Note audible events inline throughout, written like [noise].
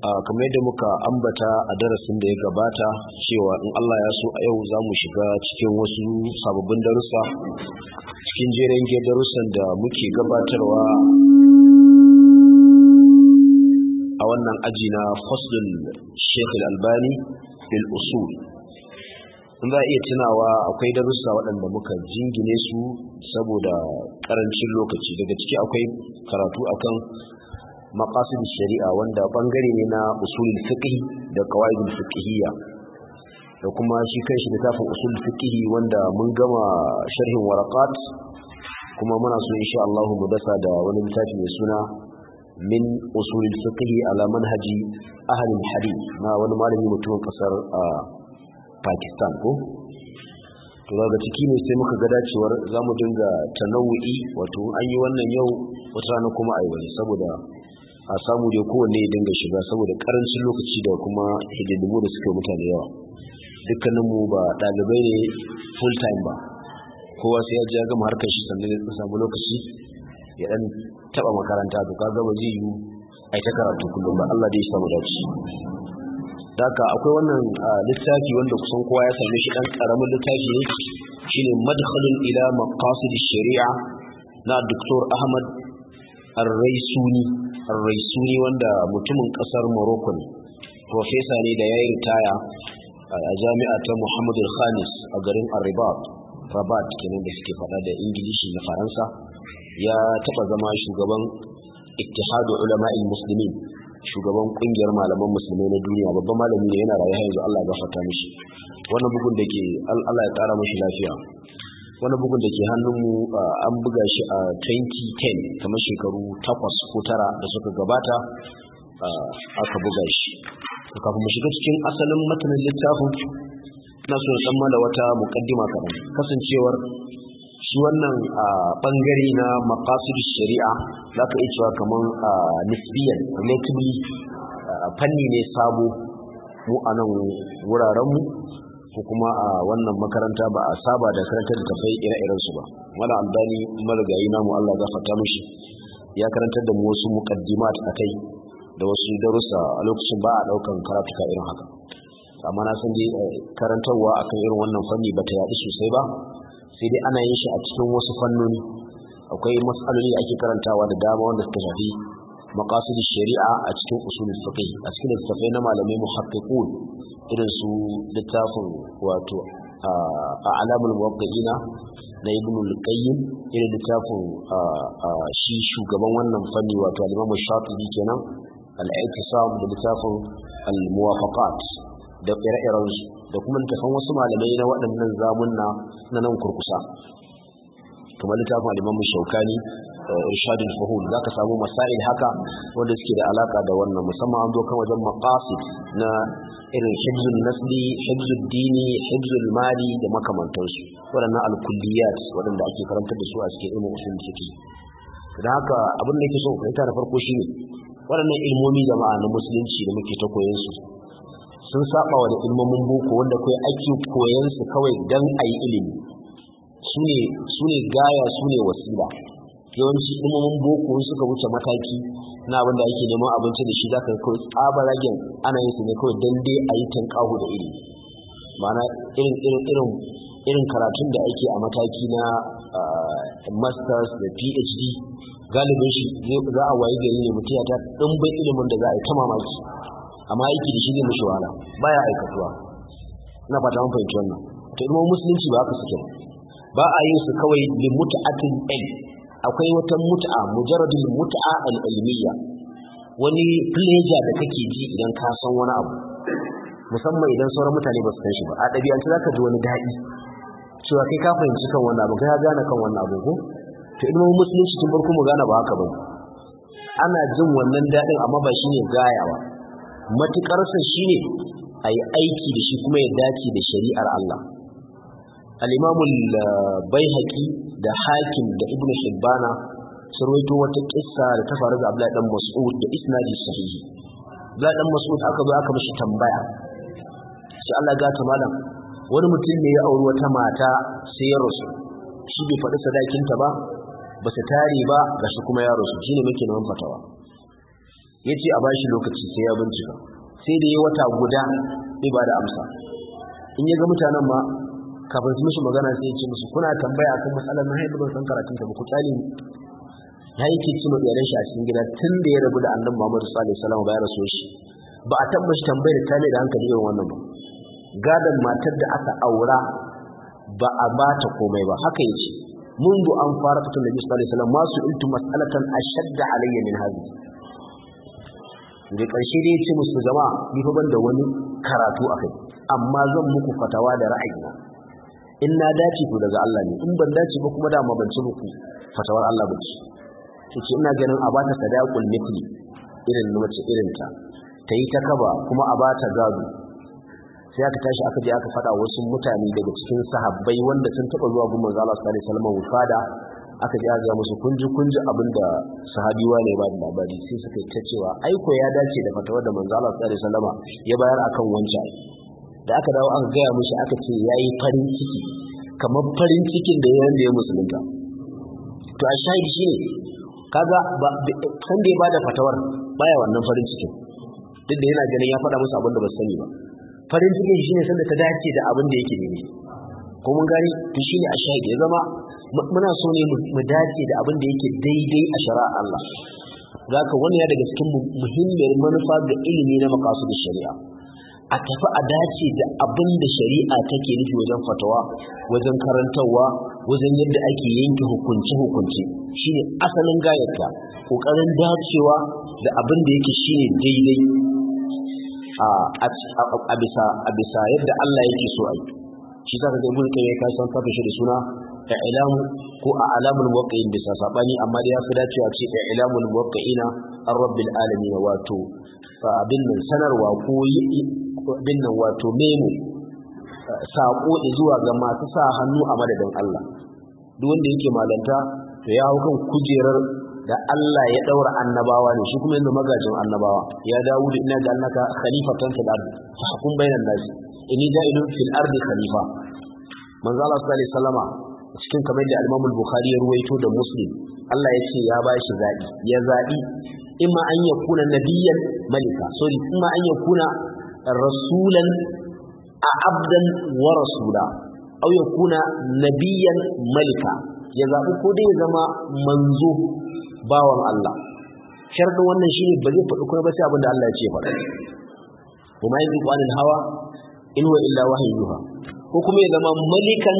kamar yadda muka ambata a darasin da ya gabata cewa in Allah ya so a yau za mu shiga cikin wasu sababbin darussa cikin jerin darussan da muke gabatarwa a wannan aji na faslul sheikh albani bil usul in za a iya tunawa akwai darussa waɗanda muka jingine su saboda ƙarancin lokaci daga ciki akwai karatu akan maqasid shari'a wanda bangare ne na usulul fiqh da qawaidul fiqhiyya da kuma shi kanshi littafin usul fiqh wanda mun gama sharhin waraqat kuma muna so insha Allah mu dasa da wani littafi mai suna min usulul fiqh ala manhaji ahli hadith na wani malami mutumin kasar Pakistan ko to daga ciki ne sai muka ga dacewar zamu dinga tanawu'i wato an yi wannan yau wata rana kuma ayi wani saboda a samu dai kowanne ya dinga shiga saboda karancin lokaci da kuma hidindimu da suke mutane yawa dukkaninmu ba ɗalibai ne full time ba kowa sai ya ji ya gama harkar shi sannan ya samu lokaci ya dan taɓa makaranta to kaga ba zai yiwu a ta karatu kullum ba Allah dai ya samu dace haka akwai wannan ah, littafi wanda kusan kowa ya same shi Dan karamin littafi ne shine madkhalun ila maqasid shari'a na Dr. Ahmad Ar-Raisuni al-raisuni wanda mutumin kasar morocco ne profesa ne da ya yi ritaya a jami'a ta muhammadu khamis a garin arribat rabat kenan da suke faɗa da ingilishi na faransa ya taɓa zama shugaban ittihadu ulama'il muslimin shugaban ƙungiyar malaman musulmai na duniya babban malami ne yana rayuwa yanzu Allah ya gafarta mishi wannan bugun da ke Allah ya ƙara mashi lafiya wani bugun da ke hannunmu an buga shi a 2010 kamar shekaru takwas ko tara da suka gabata aka buga shi kafin mu shiga cikin asalin matanin littafin na so san mala wata mukaddima kaɗan kasancewar shi wannan bangare na maqasid shari'a za ka iya cewa kamar nisbiyan relatively fanni ne sabo mu a nan wurarenmu ko kuma a wannan makaranta ba a saba da karantar da tafai ire-iren su ba wani amdani marigayi namu Allah ya fata mushi ya karantar da mu wasu muqaddimat akai da wasu darussa a lokacin ba a daukan karatuka irin haka amma na san dai eh, karantarwa akan irin wannan fanni ba ta yaɗu sosai ba sai dai ana yin shi a cikin wasu fannoni akwai matsaloli ake karantawa da dama wanda suka shafi maqasid shari'a a cikin usulul fiqh a cikin fiqh na malamai muhaqqiqun irin su littafin wato a alamul muwaqqina da ibn al-qayyim irin littafin shi shugaban wannan fanni wato al-imam shafi'i kenan al-i'tisam da littafin al-muwafaqat da ire-iren su da kuma littafin wasu malamai na waɗannan zamunna na nan kurkusa kuma littafin al-imam shaukani irshadul za zaka samu masail haka wanda suke da alaka da wannan musamman an zo kan wajen maqasid na irin hibzul nasli hibzul dini hibzul mali da makamantansu waɗannan alkulliyat waɗanda ake karanta da su a cikin ilmin usul fiqi da haka abin da yake so fahimta da farko shine waɗannan ilmomi jama'a na musulunci da muke ta koyon su sun saba wa da ilmomin boko wanda kai ake koyon su kawai dan ayi ilimi su ne gaya su ne wasila yawanci ilimin boko suka wuce mataki na abin da ake neman abinci da shi za ka kawai tsabaragen ana yin su ne kawai don dai a yi tankahu da iri mana irin irin irin irin karatun da ake a mataki na eh, masters da phd galibin shi za a waye gari ne mutum ya ta ɗumbin ilimin da za a yi ta mamaki amma aiki da shi zai mishi wahala baya aikatuwa ina fata mun fahimci wannan to ilimin musulunci ba haka suke ba a yin su kawai limuta atin ɗin. akwai wata mut'a mujarradul mut'a al ilmiyya wani pleasure da kake ji idan ka san wani abu musamman idan sauran mutane ba su san shi ba a ɗabi'ance za ka ji wani daɗi cewa kai ka fahimci kan wannan abu kai gane kan wannan abu ko to mu musulunci tun farko mu gane ba haka ba ana jin wannan daɗin amma ba shine gayawa matukar sa shine ayi aiki da shi kuma ya dace da shari'ar Allah al'imamun bai haƙi da hakim da ibn shibbana sun roto wata ƙissa da ta faru da abdullahi dan mas'ud da isnadi sahihi abdullahi dan mas'ud aka zo aka mishi tambaya sai Allah gata malam wani mutum ne ya auri wata mata sai ya rasu shi bai faɗi sadakinta ba ba su tare ba ga shi kuma ya rasu shine muke neman fatawa ya ce a bashi lokaci sai ya bincika sai da ya wata guda bai ba da amsa in ya ga mutanen ma kafin su musu magana sai ce musu kuna tambaya akan matsalar na haifu ban karatun ta ba ku tsali ya yi ke cima iyalan shi a cikin gida tun da ya rabu da annan Muhammadu sallallahu alaihi wasallam ba ya rasu shi ba a tabbaci tambayar da tale da hankali irin wannan ba Gadon matar da aka aura ba a ba ta komai ba haka yace منذ أن فارقت النبي صلى الله عليه وسلم ما سئلت مسألة أشد علي من هذه da ƙarshe ya ce musu zama ni fi ban da wani karatu akai amma zan muku fatawa da ra'ayi. in na dace to daga Allah ne in ban dace ba kuma da ma ban ci muku fatawar Allah ba ce take ina ganin a bata sadaqul mithli irin mace irin ta tayi ta kaba kuma a bata gado sai aka tashi aka je aka fada wasu mutane daga cikin sahabbai wanda sun taba zuwa gumin manzo Allah sallallahu alaihi wasallam wufada aka ji ga musu kunji kunji abinda sahabi ne ba da labari sai suka ta cewa aiko ya dace da fatawar da manzo Allah sallallahu alaihi wasallam ya bayar akan wancan da aka dawo aka gaya mushi aka ce ya yi farin ciki kamar farin cikin da ya wanda ya musulunta to a shahidi shi ne kaga san da ya bada fatawar baya wannan farin cikin duk da yana ganin ya faɗa musu abin da ba sani ba farin cikin shi ne sanda ta dace da abin da yake nemi ko mun gani to shine a shahidi ya zama muna so ne mu dace da abin da yake daidai a shari'a Allah zaka wani ya daga cikin muhimmiyar manufa ga ilimi na makasudin shari'a a tafi a dace da abin da shari'a take nufi wajen fatawa wajen karantarwa wajen yadda ake yanke hukunce-hukunce shine asalin gayarta ƙoƙarin dacewa da abin da yake shine daidai a bisa yadda Allah yake so a yi shi za ka ga ibn kai ka san kafa shi da suna i'lamu ko a alamul muwaqqi'in bisa sabani amma dai ya fi dacewa ce i'lamul muwaqqi'ina ar-rabbil alamin wato abin nan sanarwa ko abin nan wato memo eh, saƙo zuwa ga masu sa hannu a madadin Allah duk wanda yake malanta to ya hau kan kujerar da Allah ya daura annabawa ne shi kuma yanzu magajin annabawa ya dawo da ina ga annaka khalifatan fil ardi fa hukum bainan nas inni ja'ilun fil ardi khalifa manzo Allah sallallahu alaihi wasallama cikin kamar da Imam Bukhari ya ruwaito da Muslim Allah ya ce ya bashi zabi ya zabi imma an yakuna nabiyyan malika sorry imma an yakuna rasulan a abdan wa rasula au ya kuna nabiyan malika ya zaɓi ko dai ya zama manzo bawan Allah sharɗin wannan shine ba zai faɗi kuma ba sai abin da Allah ya ce faɗa kuma yanzu ƙwanin hawa in wa illa wahayin yuha ko kuma ya zama malikan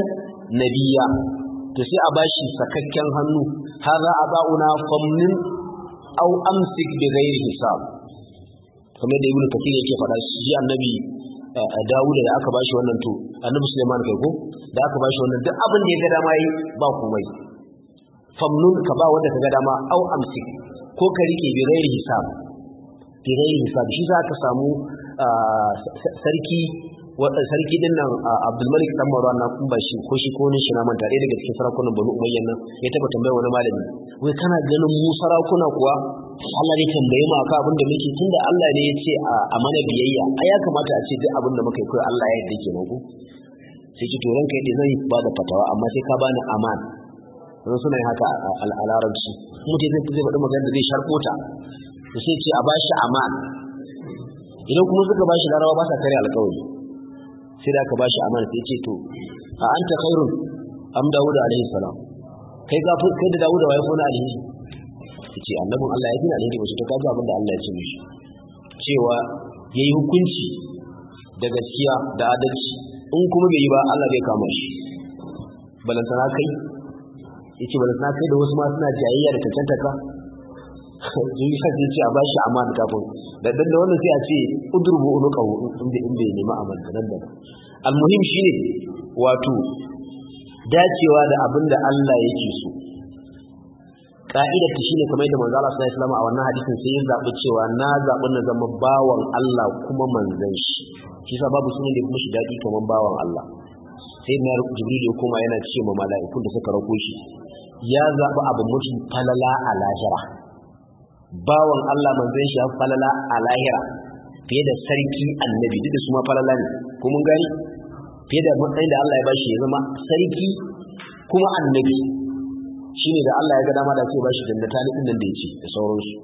nabiya to sai a bashi sakakken hannu hadha aba'una famnin au amsik bi ghairi hisab kamar da ibnu kafir yake faɗa shi annabi eh, eh, dawuda da aka bashi wannan to annabi sulaiman kai ko da aka bashi wannan duk abin da ya ga dama yi ba komai famnun ka ba wanda ka ga dama au amsik ko ka rike bi ghairi hisab bi ghairi hisab shi za ka samu eh, sarki wadda sarki din nan Abdul Malik dan Marwan na kun bashi ko shi ko ne shi na manta daga cikin sarakunan Banu umayyan nan ya taba tambaya wani malami wai kana ganin mu sarakuna kuwa Allah ne tambaye mu akan abin da muke tunda Allah ne ya ce a mana biyayya ai ya kamata a ce duk abin da muka yi kai Allah ya yarda kenan ko sai ki to ranka yadda zai ba da fatawa amma sai ka bani aman sun suna yin haka a larabci mutum zai zai faɗi magana da zai sharko ta sai ce a bashi aman idan kuma suka bashi larawa ba sa kare alƙawari sai da aka bashi aman sai ce to a anta khairun am dawud alaihi salam kai ga kai da dawud wa ya fona alheri ce annabin Allah ya gina da wasu ta kaji abin da Allah ya ce mishi cewa ya yi hukunci da gaskiya da adalci in kuma bai yi ba Allah bai kama shi balantana kai ya ce balantana kai da wasu ma suna jayayya da cancanta ka zai yi sake ce a ba shi amma da kafin da dan da wannan sai a ce udurbu unuka inda inda ya nemi amana nan da almuhim shine wato dacewa da abin da Allah yake so ka'idar ta shine kamar yadda manzo Allah sallallahu alaihi wasallam a wannan hadisin sai ya zabi cewa na zabi na zama bawan Allah kuma manzon shi shi sa babu sunan da ya kuma shi dadi kamar bawan Allah sai na Jibril ya koma yana ce ma mala'ikun da suka rako shi ya zabi abu mafi falala a lahira bawan Allah manzon shi ya falala a lahira fiye da sarki annabi duk da su ma falala ne ko mun gani fiye da matsayin da Allah ya bashi ya zama sarki kuma annabi ne da Allah ya ga dama da ce ba shi da ne nan da ya ce da sauransu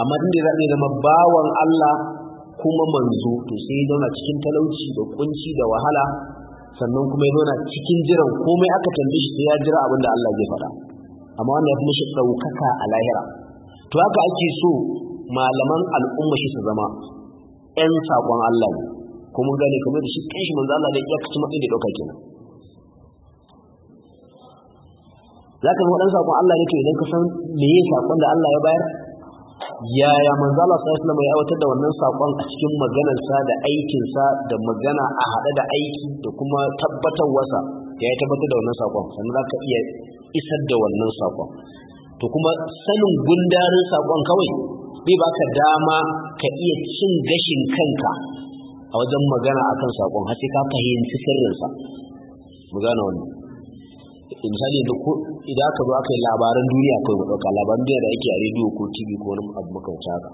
amma din da ya ne zama bawan Allah kuma manzo to sai ya zauna cikin talauci da kunci da wahala sannan kuma ya zauna cikin jiran komai aka tambaye shi sai ya jira abin da Allah zai faɗa amma wanda ya fi mashi ɗaukaka a lahira to haka ake so malaman al'umma shi su zama 'yan saƙon Allah ne kuma gani kamar da shi kanshi manzo Allah da ya kasu matsayin da ɗauka kenan za ka zama saƙon Allah ne to idan ka san me ya saƙon da Allah ya bayar yaya manzo Allah sallallahu alaihi ya aiwatar da wannan saƙon a cikin maganarsa da aikinsa da magana a haɗe da aiki da kuma tabbatar wasa? ya yi tabbatar da wannan saƙon sannan za ka iya isar da wannan saƙon to kuma sanin gundarin saƙon kawai bai baka dama ka iya cin gashin kanka a wajen magana akan saƙon har sai ka fahimci sirrinsa mu gane wannan misali da ko idan aka zo aka yi labaran duniya kawai mu ɗauka labaran duniya da ake a rediyo ko tv ko wani abu makauta haka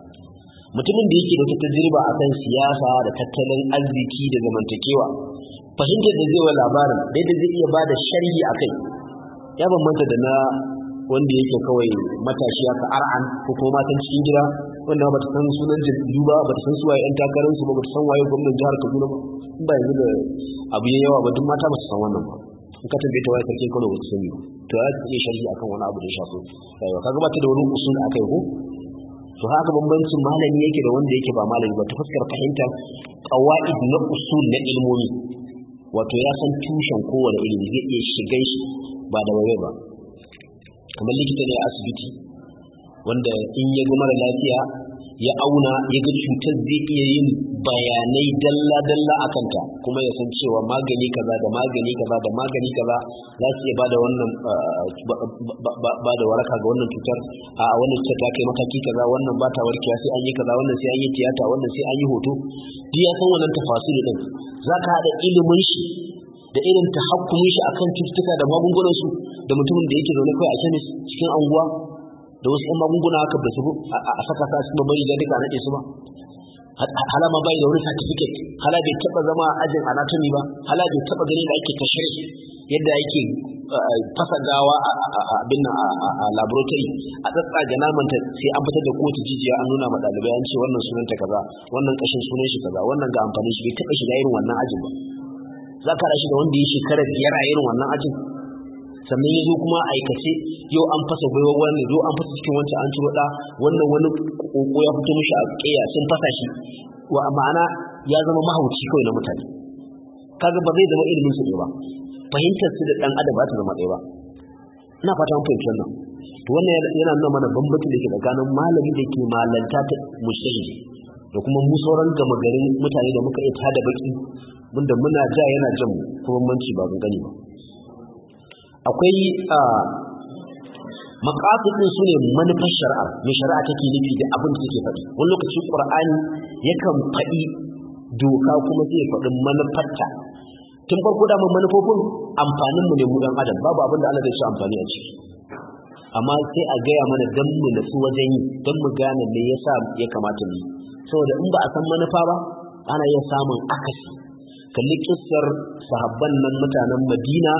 mutumin da yake da wata tajriba akan siyasa da tattalin arziki da zamantakewa fahimtar da zai wa labarin da zai iya ba da sharhi a kai ya bambanta da na wanda yake kawai matashi aka ar'an ko kuma matan cikin gida wanda ba ta san sunan jam'iyyu ba ba ta san suwaye yan takararsu ba ba ta san waye gwamnan jihar kaduna ba in ba yanzu da abu ya yawa ba duk mata ba su san wannan ba in ka tambaye ta wai sarkin Kano ba sani to ya ta iya sharhi akan wani abu da ya shafi rayuwa kaga ba ta da wani usul akai ko to haka bambancin malami yake da wanda yake ba malami ba ta fuskar fahimtar qawaid na usul na ilmomi wato ya san tushen kowane ilimi zai iya shiga shi ba da waye ba kamar likita ne a asibiti wanda in ya ga mara lafiya ya auna ya ga cutar zai iya yin bayanai dalla-dalla a kanta kuma ya san cewa magani kaza da magani kaza da magani kaza za su iya bada wannan ah, bada waraka ga wannan cutar a wannan cutar ta kai mataki kaza wannan ba ta warkewa sai an yi kaza wannan sai an yi tiyata wannan sai an yi hoto duk ya san wannan tafasiri din za ka haɗa ilimin shi da irin tahakkumin shi akan cututtuka da magungunan su da mutumin da yake zaune kawai a kemis cikin anguwa da wasu 'yan magunguna haka da su a saka sa su mamari da duka nake su ba halama bai da wani certificate hala bai taɓa zama a ajin anatomy ba hala bai taɓa ganin da ake kashe yadda ake eh, fasa gawa a abin nan a laboratory a tsatsage ta sai an fitar da kotu jijiya an nuna ma an ce wannan sunanta kaza wannan kashin sunan shi kaza wannan ga amfanin shi bai taɓa shiga irin wannan ajin ba za ka rashi da wanda ya shekara biyar a irin wannan ajin sannan ya zo kuma a aikace yau an fasa gwaiwa wani zo an fasa cikin wancan an ci da wannan wani koko ya fito mishi a ƙeya sun fasa shi wa ma'ana ya zama mahauci kawai na mutane kaga ba zai zama ilimin su ne ba fahimtar su da dan adam ba ta zama ɗaya ba ina fata mun fahimci wannan to wannan yana nuna mana bambanci da ke tsakanin malami da ke malanta ta mushahidi da kuma mu sauran gama garin mutane da muka iya tada baki wanda muna ja yana jan kuma manci ba gani ba akwai maqasid su sune manufar shari'a mai shari'a take nufi da abin da take faɗi wani lokaci qur'ani yakan faɗi doka kuma zai faɗi manufarta tun farko da mun manufofin amfanin mu ne mu dan adam babu abin da Allah zai ci amfani a ciki amma sai a gaya mana dan mu su wajen yi dan mu gane me yasa ya kamata mu saboda in ba a san manufa ba ana iya samun akasi kalli kissar sahabban nan mutanen Madina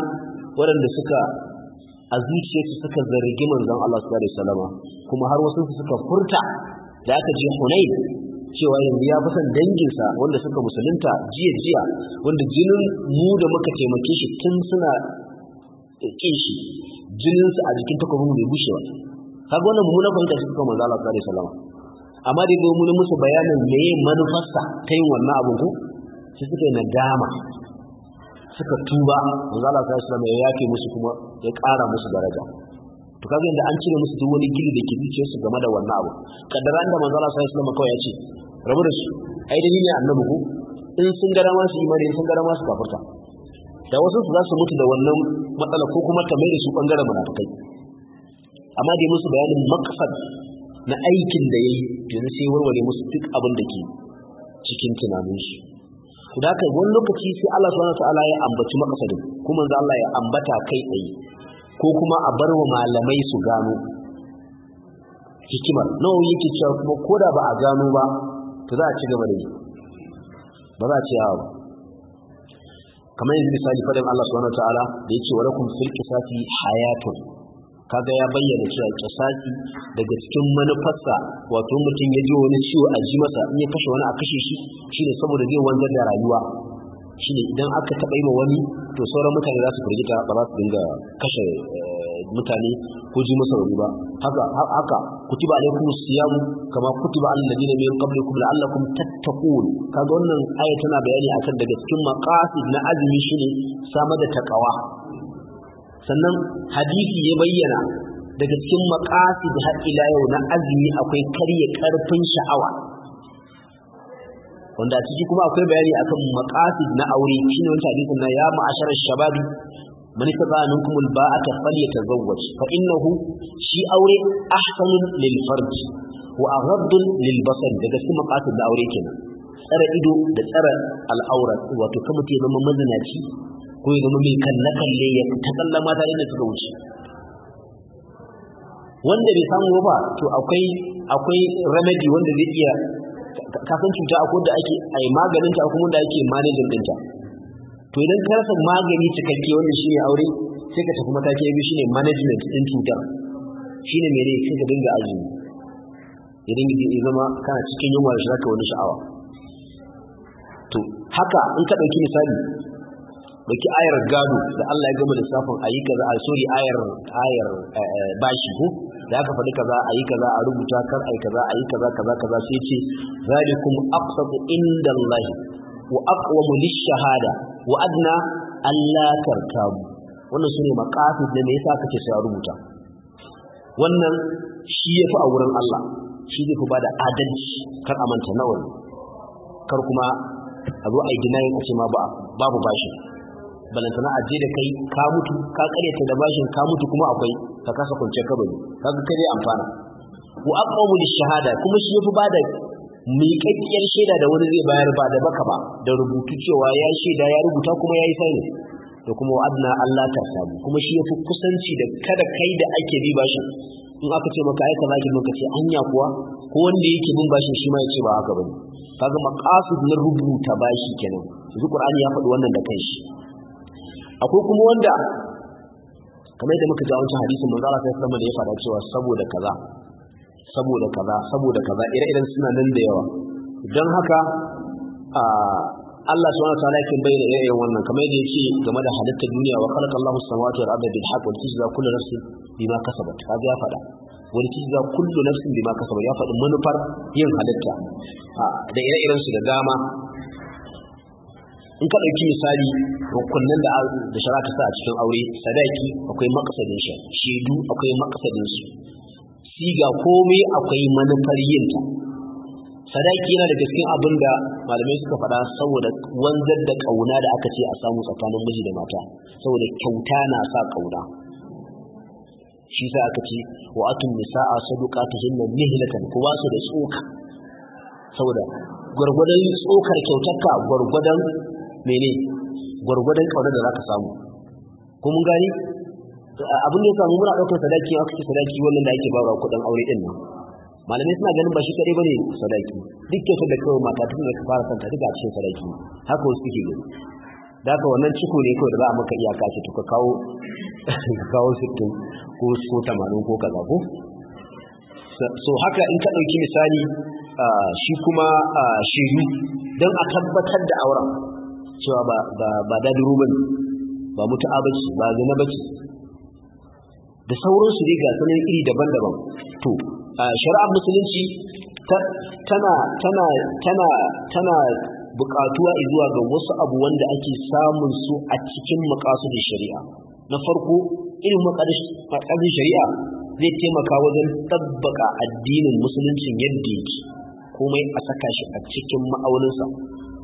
waɗanda suka a su suka zargi manzon Allah sallallahu alaihi wasallam kuma har wasu suka furta da aka je hunai, cewa yanzu ya fasan danginsa wanda suka musulunta jiya jiya wanda jinin mu da muka taimake shi tun suna ƙin shi jininsu a jikin takwamin bai bushe ba kaga wannan mummunan fahimta shi suka manzo Allah sallallahu alaihi wasallam amma dai domin musu bayanin meye manufarsa ta yin wannan abin ko sai suka yi nadama suka tuba manzo Allah sallallahu alaihi ya yake musu kuma ya ƙara musu daraja to kaga yanda an cire musu duk wani gili da ke zuciyar su game da wannan abu kaddara da manzo Allah sallallahu alaihi kawai ya ce rabu da su ai dalili ne annabi ko in sun ga masu imani in sun ga masu kafirta da wasu su za su mutu da wannan matsala ko kuma ta mai da su bangaren munafikai amma dai musu bayanin maqsad na aikin da yayi yanzu sai warware musu duk abin da ke cikin tunaninsu su da wani lokaci sai Allah subhanahu wataala ya ambaci makasadin kuma za Allah ya ambata kai tsaye ko kuma a bar wa malamai su gano hikimar nawa yake cewa kuma ko da ba a gano ba to za a ci gaba da yi ba za a ci yawa kamar yanzu misali faɗin Allah subhanahu wataala da yake wa lakum fil qisati hayatun kaga ya bayyana cewa kisasi daga cikin manufarsa wato mutum ya ji wani ciwo a ji masa in ya kashe wani a kashe shi shine saboda zai wanzar da rayuwa shine idan aka taɓa yi wani to sauran mutane za su firgita ba za su dinga kashe eh, mutane ko ji masa wani ba haka haka kutiba alaikum siyam kama kutiba alal min qablikum la'allakum tattaqun kaga wannan aya tana bayani akan daga cikin maqasid na azumi shine samar da takawa sannan hadisi ya bayyana daga cikin maqasid har ila yau na azumi akwai karya karfin sha'awa wanda a ciki kuma akwai bayani akan makasi na aure ne wannan hadisin na ya ma'ashara shababi a istata'a minkum alba'ata falyatazawwaj fa innahu shi aure ahsanun lil farj wa aghaddun lil basar daga cikin maqasid da aure kenan tsara ido da tsara al'aura wato kamar ya zama mazinaci ko ya zama mai kalle-kalle ya ta kallon mata na suka wuce wanda bai samu ba to akwai akwai remedy wanda zai iya kasan cuta a da ake a yi maganin ta kuma da ake manajin dinta to idan ka rasa magani cikakke wanda shi ne aure sai ka tafi mataki ya biyu ne management din cutar ne mene sai ka dinga azumi idan ya zama kana cikin yunwa da zaka wani sha'awa to haka in ka dauki misali dauki ayar gado da Allah ya gama lissafin ayi kaza a sori ayar ayar eh, eh, bashi ko da aka faɗi kaza ayi kaza a rubuta kar ayi kaza ayi kaza kaza kaza sai ce zalikum aqsatu inda Allah wa aqwamu lish-shahada wa adna alla tartabu wannan sune maqasid da me yasa kace sai rubuta wannan shi yafi a wurin Allah shi zai bada adalci kar a manta nawa kar kuma a zo a yi denying a ma babu bashi balantana je da kai ka mutu ka karyata da bashin ka mutu kuma akwai ka kasa kwance bari kaga kai amfana wa aqamu lishahada kuma shi yafi bada miƙaƙƙiyar shaida da wani zai bayar ba da baka ba da rubutu cewa ya shaida ya rubuta kuma ya yi sani da kuma adna Allah ta samu kuma shi yafi kusanci da kada kai da ake bi bashin in aka ce maka aika zaki maka ce anya kuwa ko wanda yake bin bashin shi ma ya ce ba haka bane kaga maqasid na rubuta bashi kenan yanzu Qur'ani ya faɗi wannan da kanshi akwai kuma wanda kamar yadda muka ji a wancan hadisin manzo Allah sai sama da ya fara cewa saboda kaza saboda kaza saboda kaza ire-iren suna nan da yawa don haka a Allah subhanahu wa ta'ala yake bayyana irin wannan kamar yadda yake game da halitta duniya wa khalaqa Allahu samawati wal arda bil haqq wa tujza kullu nafsin bima kasabat kaga ya faɗa wa tujza kullu nafsin bima kasabat ya faɗi manufar yin halitta da ire-iren su da dama in ka ɗauki misali rukunin da da shara ta sa a cikin aure sadaki akwai maksadin shi shaidu akwai maksadin su siga komai akwai manufar yin ta sadaki yana daga cikin abin da malamai suka faɗa saboda wanzar da ƙauna da aka ce a samu tsakanin miji da mata saboda kyauta na sa ƙauna shi sa aka ce wa atun nisa'a saduqa tahinna mihlatan ku ba su da tsoka saboda gwargwadon tsokar kyautarka gwargwadon mene gwargwadon ƙaunar da za ka samu ko mun gani abin da ya samu muna ɗaukar sadaki aka ce sadaki wannan da ake ba wa kuɗin aure ɗin nan malamai suna ganin ba shi kaɗai ba ne sadaki duk kyautar da kawai mata tun da fara santa daga a cikin sadaki haka wasu suke gani da haka wannan ciko ne kawai da za a maka iyaka ce to ka kawo [laughs] ka kawo sittin ko ko tamanin ko kaza ko so haka in ka ɗauki misali shi kuma shiru don a tabbatar da auren cewa ba daɗi rubin ba mutu'a bace ba zina bace da sauransu dai ga iri daban-daban to shari'ar musulunci tana tana tana zuwa ga wasu abu wanda ake samun su a cikin da shari'a na farko irin maqasidin shari'a zai taimaka wajen tabbaka addinin musuluncin yadda yake komai a saka shi a cikin ma'auninsa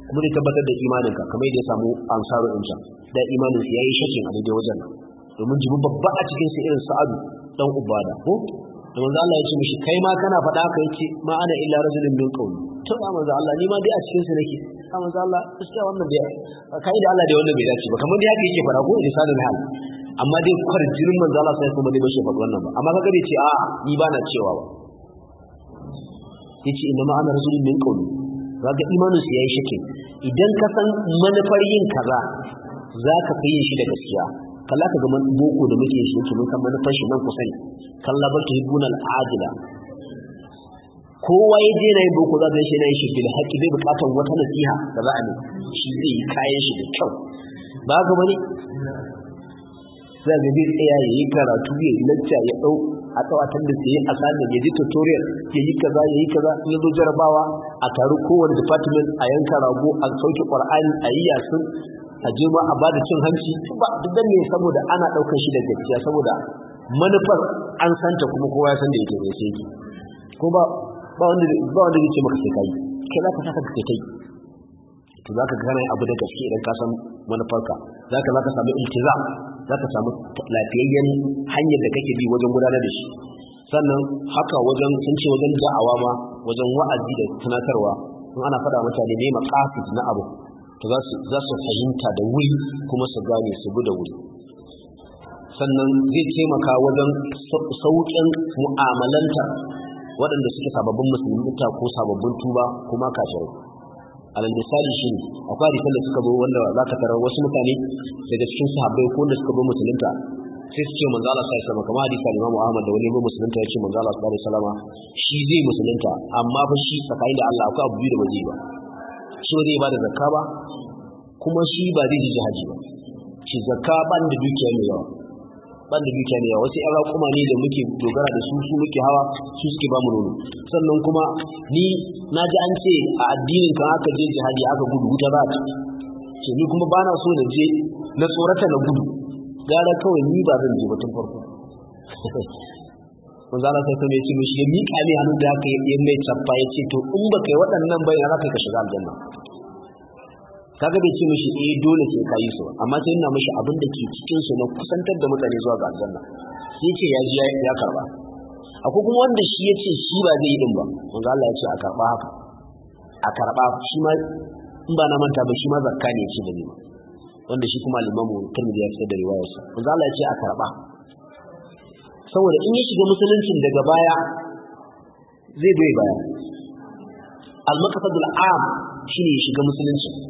kuma zai tabbatar da imaninka kamar yadda ya samu ansaru in can da imanin su yayi shakin a daidai wajen domin jibi babba a cikin su irin sa'adu dan ubada ko da manzo Allah ya ce mishi kai ma kana faɗa ka yace ma ana illa rajulun min qawli to ba manzo Allah ni ma dai a cikin su nake a manzo Allah gaskiya wannan dai kai da Allah dai wannan bai dace ba kamar dai yake yake faɗa ko lisanul hal amma dai kwarjinin manzo Allah sai kuma dai ba shi faɗi wannan ba amma kaga dai ce a ni ba na cewa ba yace inna ma ana rajulun min qawli ga imanin su yayi shike idan ka san manufar yin kaza za ka fi yin shi da gaskiya kalla ka ga boko da muke shi yake mun san manufar shi nan kusa ne kalla ta tuhibuna al-ajila kowa ya je na yin boko za ka shi na yin shi bil haqqi bai bukatar wata nasiha da za a ne shi zai yi kayan shi da kyau ba ga bane za ga bi tsaya yayi karatu yayi lacca ya dau a kawatan da yi sai assignment ya ji tutorial ya yi kaza ya yi kaza ya zo jarabawa a taru kowane department a yanka rago a sauke ƙwar'ani, a yi yasin a je ma a bada cin hanci ba duk dan ne saboda ana daukar shi da gaskiya saboda manufar an san ta kuma kowa ya san da yake sai yake ko ba ba wanda ba wanda yake maka sai kai kai za ka saka kai kai to za ka gane abu da gaske idan ka san manufarka za ka za ka samu iltizam za ka samu lafiyayyen hanyar da kake bi wajen gudanar da shi sannan haka wajen sun ce wajen da'awa ma wajen wa'azi da tunatarwa in ana faɗa mutane ne maqasid na abu to za su fahimta da wuri kuma su gane su bi wuri sannan zai taimaka wajen sauƙin mu'amalanta waɗanda suke sababbin musulunta ko sababbin tuba kuma kafirai alal misali shi ne akwai hadisan da suka zo wanda za ka tarar wasu mutane daga cikin sahabbai ko wanda suka zo musulunta sai su ce manzala sai sama kamar hadisi Imam Ahmad da wani musulunta ya ce manzala sai salama shi zai musulunta amma fa shi tsakanin da Allah akwai abu biyu da bazai ba so zai ba da zakka ba kuma shi ba zai ji haji ba shi zakka ban da dukiya mai yawa ban da dukiya ne wasu yan raƙuma ne da muke dogara da su su muke hawa su suke ba mu nono sannan kuma ni na ji an ce a addinin kan aka je jihadi aka gudu wuta za ta ce ni kuma bana so na je na tsorata na gudu gara kawai ni ba zan je ba tun farko [laughs] manzo Allah sai ya ce mishi ya miƙa ne hannun da aka yi mai tsaffa ya ce to in ba kai waɗannan bayan za ka shiga aljanna kaga bai ce mishi eh dole sai ka yi su amma sai ina mishi abin da ke cikin su na kusantar da mutane zuwa ga aljanna sai ce ya ji ya karba akwai kuma wanda shi ya ce shi ba zai yi din ba manzo Allah ya ce a karba haka a karba shi ma in ba na manta ba shi ma zakka ne ce da ni wanda shi kuma limamu Tirmidhi ya fitar da riwayarsa manzo Allah ya ce a karba saboda in ya shiga musuluncin daga baya zai bai baya al-maqsadul am shine ya shiga Musuluncin.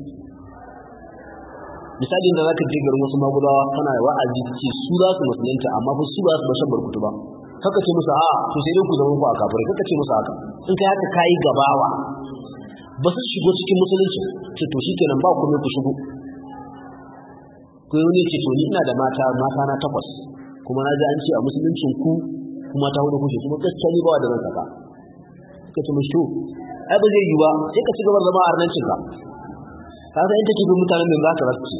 misali da zaka je garin wasu magudawa kana wa'azi ce su za su musulunta amma fa su ba su bashan barkutu ba kaka ce musu a to sai dai ku zama ku a kafirai kaka ce musu haka in kai haka kai gabawa ba su shigo cikin musulunci to to shikenan ba kuma ku shigo ko yau ce to ni ina da mata mata na takwas kuma na ji an ce a musuluncin ku kuma ta hudu kuke kuma gaskiya ni ba da nan saka ce musu ai ba zai yi ba sai ka ci gaba zama a arnancin ka kaga in take bin mutanen da ba ta rasu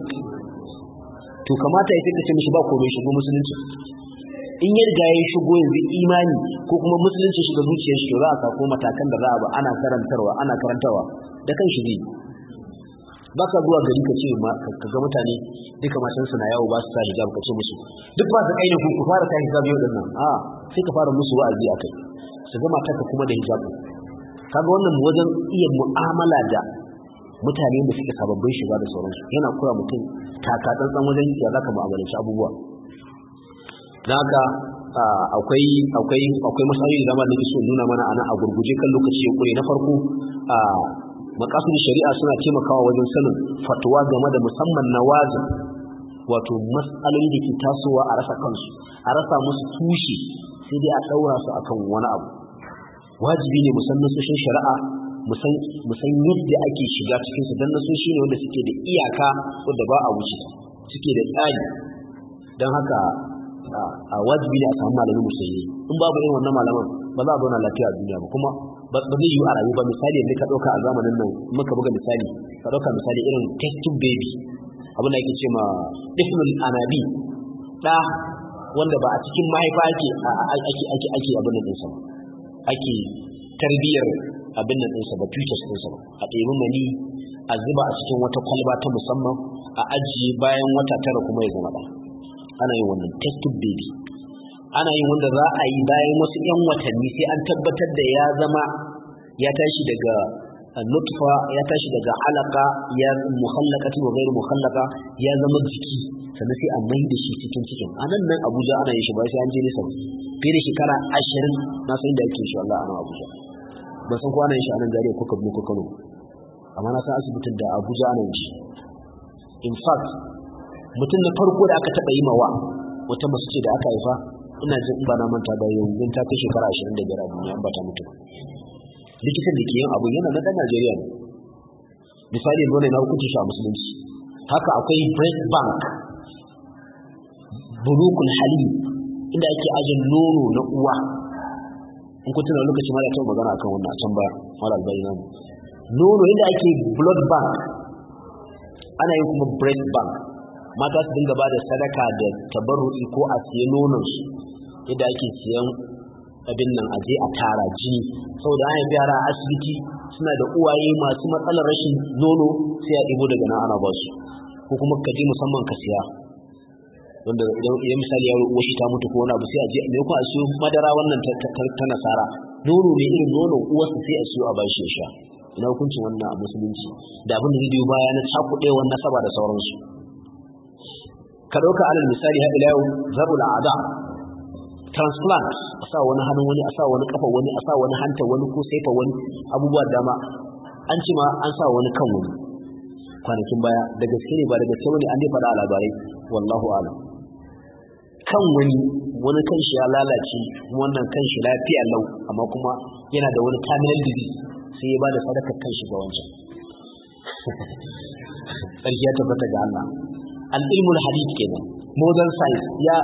to kamata ya take mishi ba komai shigo musulunci in ya riga ya shigo yanzu imani ko kuma musulunci shiga zuciyar shi to za a sako matakan da za a ba ana karantarwa ana karantawa da kan shi ne ba ka zuwa gari ka ce ka ga mutane duka matan suna yawo ba su sa hijab ka ce musu duk ba su aina ku fara ta hijab yau dinnan a sai ka fara musu wa'azi akai su ga matarka kuma da hijab kaga wannan wajen iya mu'amala da mutane da suke sababbin shiga da sauransu yana kura mutum taka tsantsan wajen ya zaka mu'amalanci abubuwa zaka akwai akwai akwai masalolin da so nuna mana ana a gurguje kan lokaci ya kure na farko a makasin shari'a suna taimakawa wajen sanin fatuwa game da musamman na nawazin wato matsaloli da ke tasowa a rasa kansu a rasa musu tushe sai dai a ɗaura su akan wani abu wajibi ne musamman sashen shari'a musan san yadda ake shiga cikin su dan nasu ne wanda suke da iyaka wanda ba a wuce suke da tsari Don haka a wajibi ne a samu malamin musayi in babu irin wannan malaman ba za a zauna lafiya a duniya ba kuma ba zai yiwu a rayu ba misali yadda ka ɗauka a zamanin nan muka buga misali ka ɗauka misali irin testing baby abin da ake ce ma ismul anabi ɗa wanda ba a cikin mahaifa ake ake ake ake abin da ɗinsa ake tarbiyyar abin nan ɗinsa ba features ɗinsa ba a ɗebi mani a zuba a cikin wata kwalba ta musamman a ajiye bayan wata tara kuma ya zama ba. ana yin wannan test baby ana yin wanda za a yi bayan wasu 'yan watanni sai an tabbatar da ya zama ya tashi daga eh, nutfa ya tashi daga alaka ya muhallakatu wa ghairu muhallaka ya zama jiki sannan sai a mai da shi cikin cikin a nan nan Abuja ana yin shi ba sai an je sau fiye da shekara ashirin na san da ake shi Allah a Abuja ba san kwanan shi a nan zariya ko kaduna ko kano amma na san asibitin da abuja ana shi in fact mutum na farko da aka taɓa yi mawa wata masu ce da aka haifa ina jin ba na manta da yau don ta kai shekara ashirin da biyar a duniya ba ta mutu likitan da ke yin abu yana na ɗan najeriya ne misali yanzu ne na hukuncin shi a musulunci haka akwai bread bank bulukul halim inda ake ajin nono na uwa in ku tuna lokaci ma da ta magana akan wannan can ba mara albani nan. nono inda ake blood bank ana yi kuma breast bank mata su dinga bada sadaka da tabarru'i ko a siye nonon su inda ake siyan abin nan aje a tara jini saboda an yi a asibiti suna da uwaye masu matsalar rashin nono sai a ibo daga nan ana ba su ko kuma ka musamman ka siya wanda ya misali yaro uwa shi ta mutu ko wani abu sai a je me ko a siyo madara wannan ta nasara nono ne irin nono uwarsa sai a siyo a bashi ya sha ina hukuncin wannan a musulunci da abin da zai biyo baya na wani nasaba da sauransu ka ɗauka alal misali har ila yau zarul ada transplant a sa wani hannun wani a sa wani kafa wani a sa wani hanta wani ko saifa wani abubuwa dama an ci ma an sa wani kan wani kwanakin baya da gaske ne ba da gaske wani an dai faɗa a labarai wallahu alam kan wani wani kan shi ya lalace wannan kan shi lafiya lau amma kuma yana da wani terminal disease sai ya bada sadaka kan shi ga wancan [laughs] sarki ya tabbata ga Allah al-ilmu hadith kenan modern science ya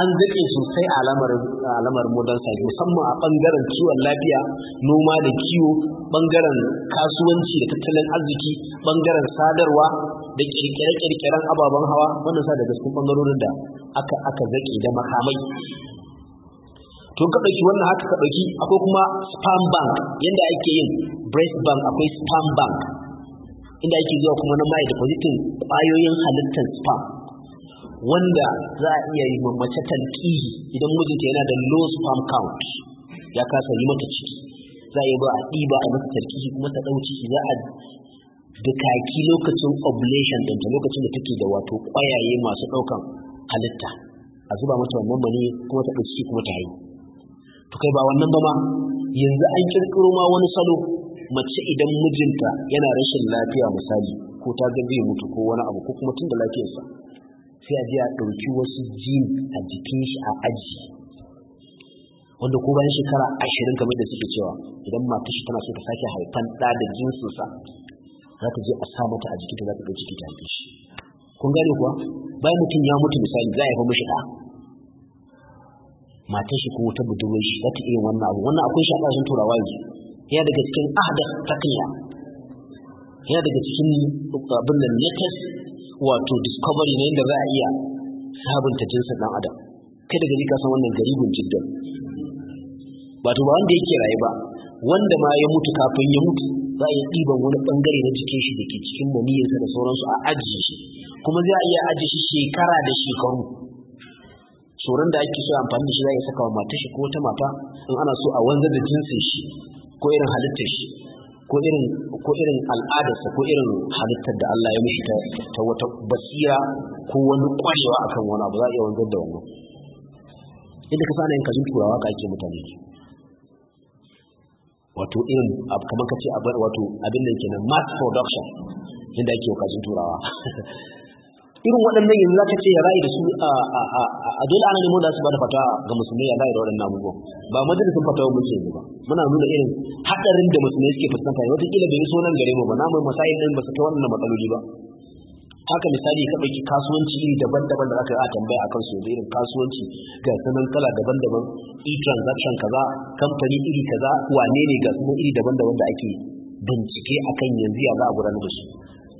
an zake sosai alamar alamar modern science musamman a bangaren kiwon lafiya noma da kiwo bangaren kasuwanci da tattalin arziki bangaren sadarwa da kirkire-kirkiren ababen hawa wannan sa daga cikin bangarorin da aka aka zaki da makamai to ka dauki wannan haka ka dauki akwai kuma spam bank yanda ake yin breast bank akwai spam bank inda ake zuwa kuma na mai depositing kwayoyin halittar spam wanda za a iya yi mace talqihi idan mijinta yana da low spam count ya kasa yi mata ciki za a yi ba a ɗiba a masa tarkihi kuma ta ɗauki shi za a dukaki lokacin ovulation ɗinta lokacin da take da wato ƙwayaye masu ɗaukan halitta a zuba mata wannan bane kuma ta ɗauki kuma ta haihu to kai ba wannan ba ma yanzu an kirkiro ma wani salo mace idan mijinta yana rashin lafiya misali ko ta ga zai mutu ko wani abu ko kuma tun da lafiyarsa sai a je a ɗauki wasu jin a jikin shi a aji wanda ko bayan shekara ashirin kamar da suke cewa idan mata shi tana so ta sake haifan ɗa da jinsinsa za ta je a sa mata a jiki ta za ta gaji ciki ta haife shi kun gane kuwa bayan mutum ya mutu misali za a haifa mishi ɗa matar shi ko wata budurwar shi za ta iya wannan abu wannan akwai shi a ƙarshen turawa yanzu yana daga cikin ta takniya yana daga cikin abin da latest wato discovery na yadda za a iya sabunta jinsin ɗan adam kai daga ka san wannan garibin jiddan wato ba wanda yake raye ba wanda ma ya mutu kafin ya mutu za a iya ɗiban wani ɓangare na jikin shi da ke cikin maniyarsa da sauransu a ajiye shi kuma za a iya ajiye shi shekara da shekaru tsoron da ake so amfani da shi za a iya saka wa mata shi ko wata mata in ana so a wanzar da jinsin shi ko irin halittar shi ko irin ko irin al'adarsa ko irin halittar da Allah ya mishi ta wata basira ko wani kwarewa akan wani abu za a iya wanzar da wannan inda ka sa yin kajin turawa ka ake mutane wato irin kamar ka ce wato abin da yake na mass production inda ake wakacin turawa [laughs] irin waɗannan yanzu za ka ce ya ra'ayi da su a dole ana nemo da su ba da fata ga musulmi ya ra'ayi da waɗannan abubuwan ba majalisun fatawa muke yanzu ba muna nuna irin haɗarin da musulmi suke fuskanta ne watakila bai so nan gare mu ba na mai masayin nan ba su ta wannan matsaloli ba haka misali ka ɗauki kasuwanci iri daban-daban da aka yi a tambaya akan su da irin kasuwanci ga sanan kala daban-daban e-transaction kaza kamfani iri kaza wane ne ga sanan iri daban-daban da ake bincike akan yanzu ya za a gudanar da su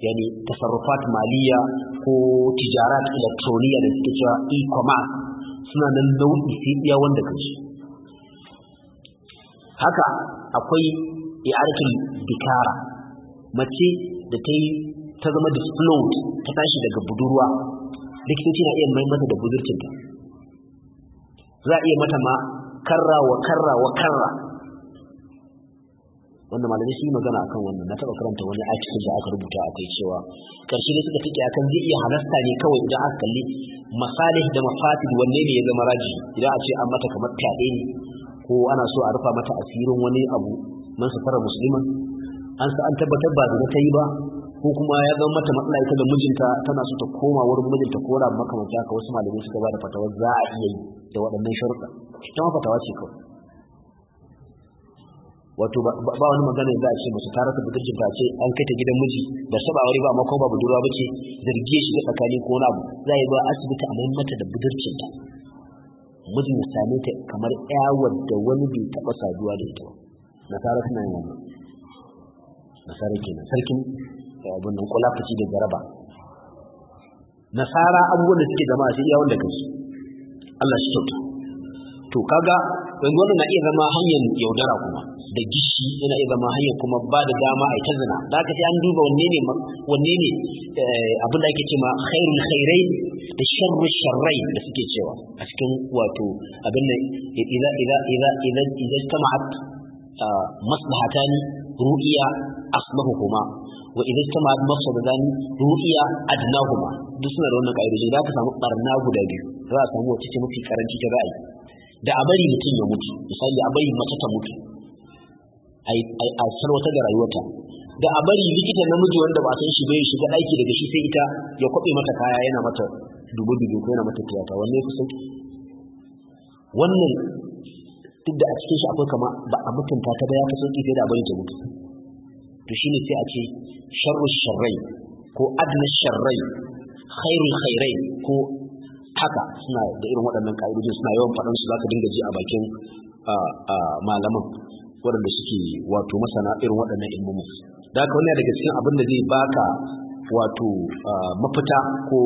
yani tasarrufat maliya ko tijarat elektroniya da suke cewa e-commerce suna nan nau'i sai iya wanda kace haka akwai i'aratul bikara mace da ta yi ta zama float ta tashi daga budurwa likitoci na iya mai mata da budurcinta za a iya mata ma karra wa karra wa karra wanda malamai shi yi magana akan wannan na taɓa karanta wani article da aka rubuta akai cewa karshe ne suka take akan zai iya halasta ne kawai idan aka kalli masalih da mafatid wanne ne ya zama raji idan a ce an mata kamar fyaɗe ne ko ana so a rufa mata asirin wani abu man safarar musulman an sa an tabbatar ba da ta yi ba ko kuma ya zama mata matsala ita da mijinta tana so ta koma wurin mijinta ko da makamanta haka wasu malamai suka ba da fatawa za a iya yi da waɗannan sharuɗa ita ma fatawa ce kawai wato ba wani magana za a ce musu tare da budurcin ta ce an kai ta gidan miji ba saba wuri ba amma ba budurwa bace zarge shi da tsakani ko na za a yi ba asibiti a mai mata da budurcin ta mijin ya same ta kamar yawar da wani bai taɓa saduwa da ita ba nasara suna yin wannan sarki na sarkin abin nan kulafaci da jaraba nasara abubuwan da suke jama'a sai iya wanda kashi Allah shi sauta to kaga yanzu wannan na iya zama hanyar yaudara kuma da gishi yana iya zama hanyar kuma ba da dama a ita zina da aka sai an duba wanne ne wanne ne eh, abin da ake ce ma khairul khairai da sharru sharrai da suke cewa a cikin wato abin nan idza idza idza idza idza tama'at ah, maslahatani ru'iya asbahu kuma wa idan ta ma maso da zani ru'iya adnahuma duk suna da wannan ka'idojin da aka samu barna guda biyu za a samu wacce ce mafi karanci ta ra'ayi da a bari mutum ya mutu misali a bari mace ta mutu a sarwata da rayuwarta da a bari likita namiji wanda ba san shi bai shiga aiki daga shi sai ita ya kwabe mata kaya yana mata dubu dubu ko yana mata tiyata wanne ku sauki wannan duk da a cikin shi akwai kama ba a mutunta ta ba ya fi sauki sai da a bari ta mutu to shi ne sai a ce sharrun sharrai ko adna sharrai khairul khairai ko haka suna da irin waɗannan ƙa'idojin suna yawan faɗan su zaka dinga ji a bakin malaman waɗanda suke wato masana irin waɗannan ilmumu. da haka wani daga cikin abin da zai baka wato mafita ko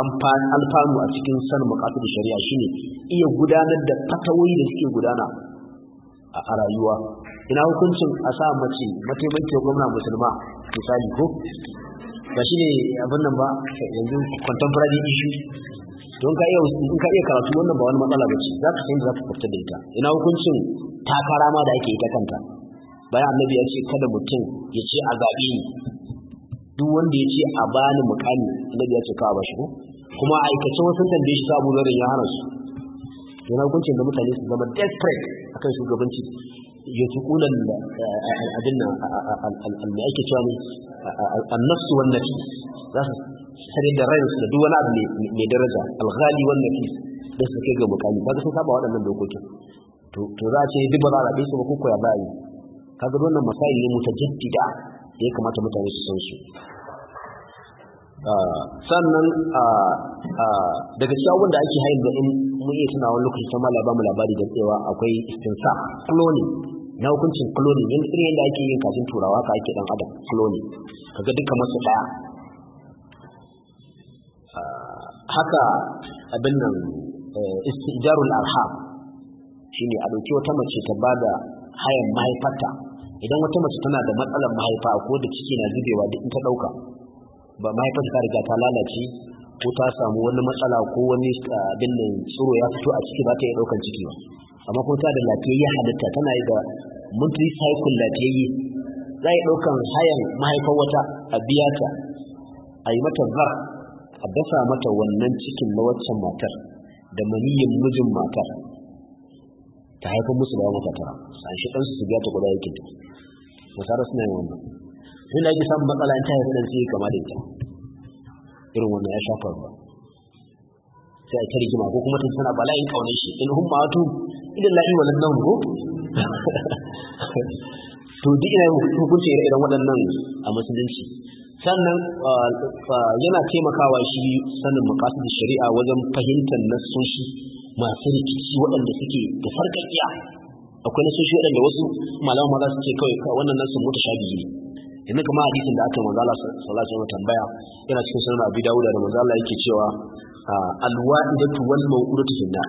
alfanu a cikin sanin bukatar shari'a shine iya gudanar da fatawoyi da suke gudana a rayuwa ina hukuncin a sa mace mataimakin gwamna musulma misali ko ba shi ne abin nan ba yanzu contemporary issue don ka iya in ka iya karatu wannan ba wani matsala ba ce za ka san za ka fita da ita ina hukuncin takara ma da ake ita kanta bayan annabi ya ce kada mutum ya ce a zaɓe ni duk wanda ya ce a bani mukami annabi ya ce ka ba shi ko kuma aikace wasu tambaye shi sabu zarin ya hana su ina hukuncin da mutane su zama desperate akan shugabanci يتقون الأدنى da كتوان النفس والنفس mai daraja. دو نعب لدرجة الغالي والنفس بس كيف مكاني هذا سبب وانا waɗannan دوكوك to za a ce duk ba za a su ba ko ya bayi kaga wannan ne mutajaddida da ya kamata mutane su san su sannan daga cikin da ake hayan da mun iya tunawa lokacin lokaci mala ba mu labari da cewa akwai istinsa cloning na hukuncin cloning yin tsiri yadda ake yin kafin turawa ka ake dan adam cloning kaga duka masu daya ah, haka abin nan eh, istijarul arham shine a dauki wata mace ta bada hayan mahaifarta idan wata mace tana da matsalar mahaifa ko da ciki na zubewa duk in ta dauka ba mahaifar ta riga ta lalace ko ta samu wani matsala ko wani ah, abin da tsoro ya fito a ciki ba ta iya ɗaukar ciki ba amma ko ta da lafiyayye halitta tana yi da multi cycle lafiyayye za a ɗaukan hayan mahaifar wata a biya ta a yi mata zar a dasa mata wannan cikin na waccan matar da maniyin mijin matar ta haifar musu da mata tara an shi ɗansu su biya ta guda yake ta masara suna yin wannan tun da ake samun matsala in ta haifar da su kama da ita irin wannan ya shafa faruwa sai a tare gima ko kuma tun tana bala'in kaunar shi in hum matu idan la'i wa nan ko [laughs] to duk ina hukunci ire iren waɗannan a musulunci sannan yana taimakawa shi sanin maqasid shari'a wajen fahimtar nassoshi masu rikici waɗanda suke da farkakiya akwai nasoshi waɗanda wasu malaman ma za su ce kawai wannan nasu sha biyu. yanzu kuma hadisin da aka manzala sallallahu alaihi tambaya yana cikin sunan Abi Dawud da manzala yake cewa ah, alwa'idatu wal mawqudatu fi da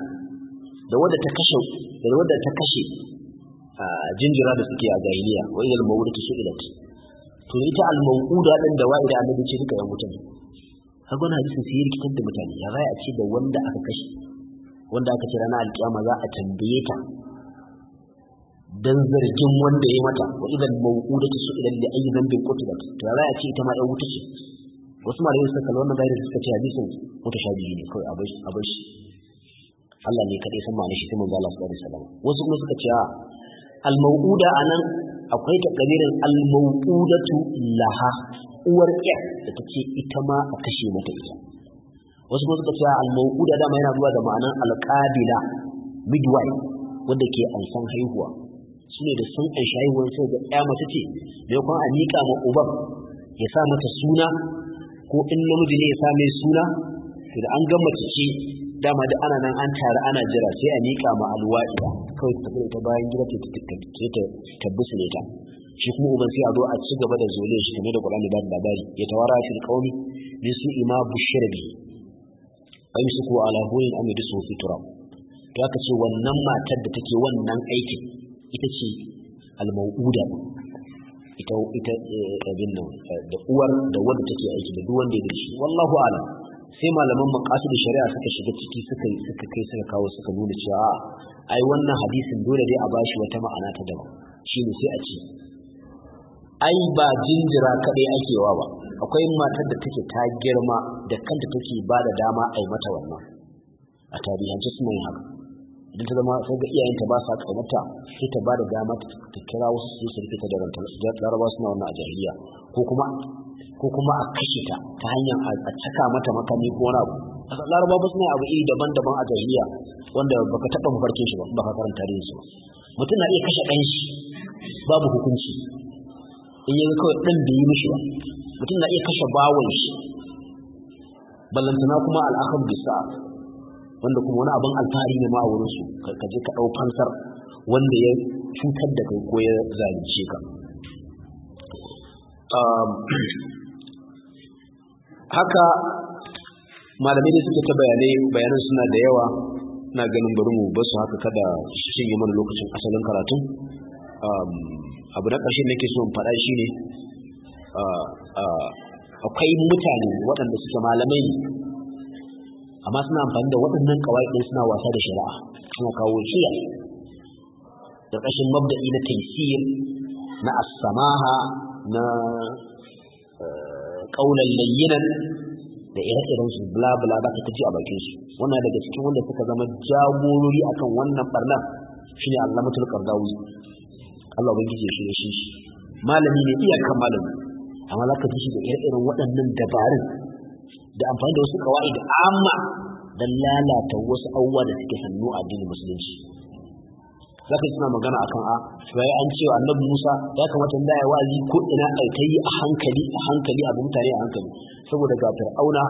wanda ta kashe da wanda ta kashe ah, jinjira da suke a jahiliya wa ilal mawqudatu su'ilat to ita al mawquda din da wa'ida annabi ce duka ya mutum ka gona hadisin sai yake da mutane ya zai a ce da wanda aka kashe wanda aka ce na alƙiyama za a tambaye ta dan zargin wanda ya mata wa idan su idan su'ilan li ayyi dhanbin qutilat to za a ce ita ma ɗan wuta ce wasu malamai suka kalli wannan bayani suka ce a sha biyu ne kawai a bar shi Allah ne kaɗai san ma'anar shi sai manzo Allah sallallahu alaihi wasallam wasu kuma suka ce al a nan akwai takdirin al-mawqudatu laha uwar ƙyar da ta ce ita ma a kashe mata ita wasu kuma suka ce al-mawquda dama yana zuwa da ma'anar al-qabila midwife wanda ke alfan haihuwa ne da sun an shayi wani sai ga ɗaya mace ce mai kuma a miƙa ma uban ya sa mata suna ko in namiji ne ya sa mai suna to da an gan mace ce dama da ana nan an tare ana jira sai a miƙa ma alwa'iya kawai ta ta bayan gida ta su ne ta shi kuma uban sai a zo a ci gaba da zole shi kamar da Qur'ani ba da labari ya tawara da qaumi min su ima bushira bi yi su kuwa ala a am yadsu fitura ta to aka ce wannan matar da take wannan aikin ita ce al-mau'uda ita ita eh, abin nan eh, da uwar da wanda take aiki da duk wanda ya shi wallahu alam sai malaman maqasid shari'a suka shiga ciki suka suka kai suka kawo suka nuna cewa ai wannan hadisin dole dai a bashi wata ma'ana ta daban shine sai a ce ai ba jinjira kadai ake wa ba akwai matar da take ta girma da kanta take ba da dama ai mata wannan a tarihance suna yin haka idan ta zama sai ga iyayenta ba sa kaunata sai ta ba da dama ta kira wasu su su rike ta da ranta laraba suna wannan a jahiliya ko kuma ko kuma a kashe ta ta hanyar a caka mata makami ko wani abu larabawa laraba ba suna abu iri daban-daban a jahiliya wanda baka taɓa mafarkin shi ba ba ka karanta da su mutum na iya kashe ɗan shi babu hukunci in yi kawai ɗan da yi mishi ba mutum na iya kashe bawon shi ballantana kuma al'akar bisa wanda kuma wani abin alfahari ne ma a wurin su ka je ka dau fansar wanda ya cutar da kai ko ya zalunce ka [clears throat] haka malamai da suka ta bayanai bayanan suna da yawa na ganin bari mu basu haka kada shi ne mana lokacin asalin karatun abu na ƙarshe da ke so faɗa shi ne akwai mutane waɗanda suke malamai amma suna amfani da waɗannan kawai ɗin suna wasa da shari'a suna kawo kiyas da ƙashin mabda'i na taisir na as na eh, ƙaunar layyinan da ire-iren su bla bla ba ji a bakin su wannan daga cikin wanda suka zama jagorori akan wannan shi ne Allah mutul qardawi Allah ubangiji ya shirye shi malami ne iyakan malami amma zaka ji shi da ire-iren waɗannan dabarun da amfani da wasu kawai da amma don lalata wasu abubuwa da suke sannu a addinin musulunci za ka suna magana a kan a bai an cewa annabi musa ya kamata da ya wazi ko ina aikayi a hankali a hankali a mutane a hankali saboda ga fir'auna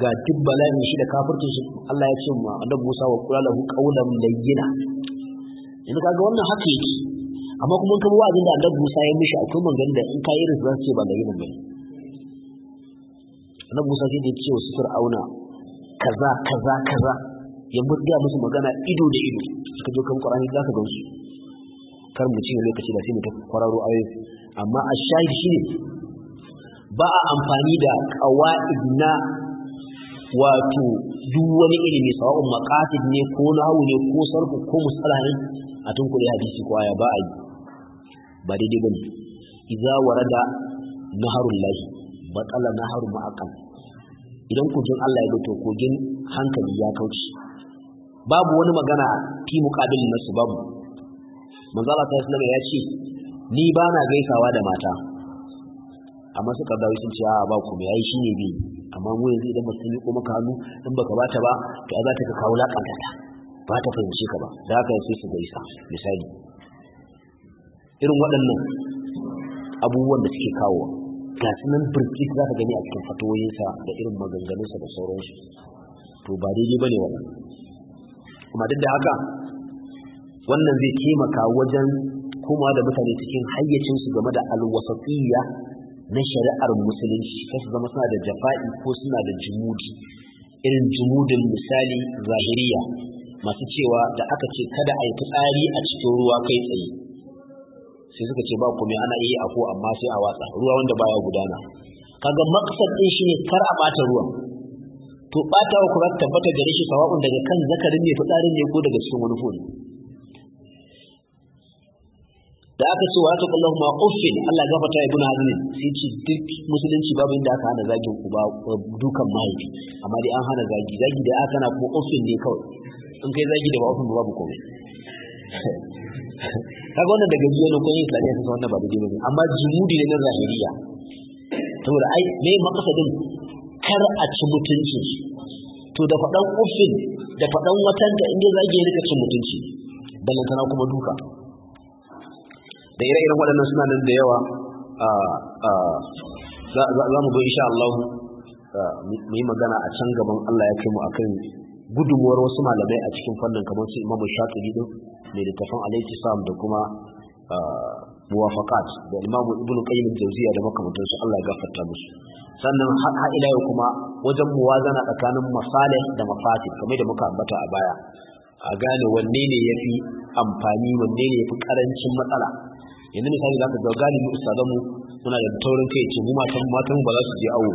ga duk bala'in shi da kafircin shi Allah ya ce ma annabi Musa wa kula da qawlan layyina yanzu kaga wannan haka yake amma kuma kuma wa'azin da annabi Musa ya mishi akwai ganin da in ka irin su ce ba layyina bane na musa shi ne ce wasu fir'auna kaza kaza kaza ya murga musu magana ido da ido suka je kan qur'ani za ka su kar mu cinye lokaci da sai mu ta kwararo yau amma a shahid shi ne ba a amfani da qawaid na wato duk wani ilimi sawa'un maqasid ne ko hau ne ko sarfu ko musala ne a tunkule hadisi ko aya ba a yi ba daidai bane idza warada naharul lahi batala naharu ma'aqal idan kogin Allah ya to kogin hankali ya kauce babu wani magana fi muqabil nasu babu manzo Allah ta sallama ya ce ni ba na gaisawa da mata amma suka da sun ce a ba ku mai ai shine bi amma mu yanzu idan mutum ya koma kanu in baka bata ba to za ta ka kawo laƙanta ta ba ta fahimce ka ba da haka sai su gaisa misali irin waɗannan abubuwan da suke kawowa. ga nan birki za ka gani a cikin fatoyinsa da irin maganganunsa da sauransu to ba daidai ba ne wannan kuma duk da haka wannan zai taimaka wajen komawa da mutane cikin hayyacinsu game da alwasatiyya na shari'ar musulunci kan su zama suna da jafa'i ko suna da jumudi irin jumudin misali zahiriya masu cewa da aka ce kada a yi tsari a cikin ruwa kai tsaye sai suka ce ba komai ana iya ako amma sai a watsa ruwa wanda baya gudana kaga maksad din shine kar a bata ruwa to bata wa ra tabbata da shi sawa'un daga kan zakarin ne fitsarin ne ko daga cikin wani fuli da aka ce wa ta kullahu ma uffin Allah ya gafarta ibn hazm sai ce duk musulunci babu inda aka hana zagin ba dukan mahaifi amma dai an hana zagi zagi da aka na ko uffin ne kawai in kai zagi da ba uffin babu komai [laughs] kaga wannan daga biyu ne kun islamiyya ta wannan ba daidai bane amma jumudi ne na zahiriya saboda ai me makasadin kar a ci mutunci to da fadan uffin da fadan watan da inda za ki rika cin mutunci tana kuma duka da ire-iren waɗannan suna nan da yawa za mu zo insha Allah mu yi magana a can gaban Allah ya kai mu akan gudunmuwar wasu malamai a cikin fannin kamar su Imam Shafi'i din mai littafin alaikisam da kuma muwafaqat da imamu ibnu qayyim jawziya da makamantansu Allah ya gafarta musu sannan har ila yau kuma wajen muwazana tsakanin masalih da mafatih kamar da muka ambata a baya a gane wanne ne yafi amfani wanne ne yafi karancin matsala yanzu misali zaka ga isa, ustazanmu muna da taurin kai ce mu matan matan ba za su je awo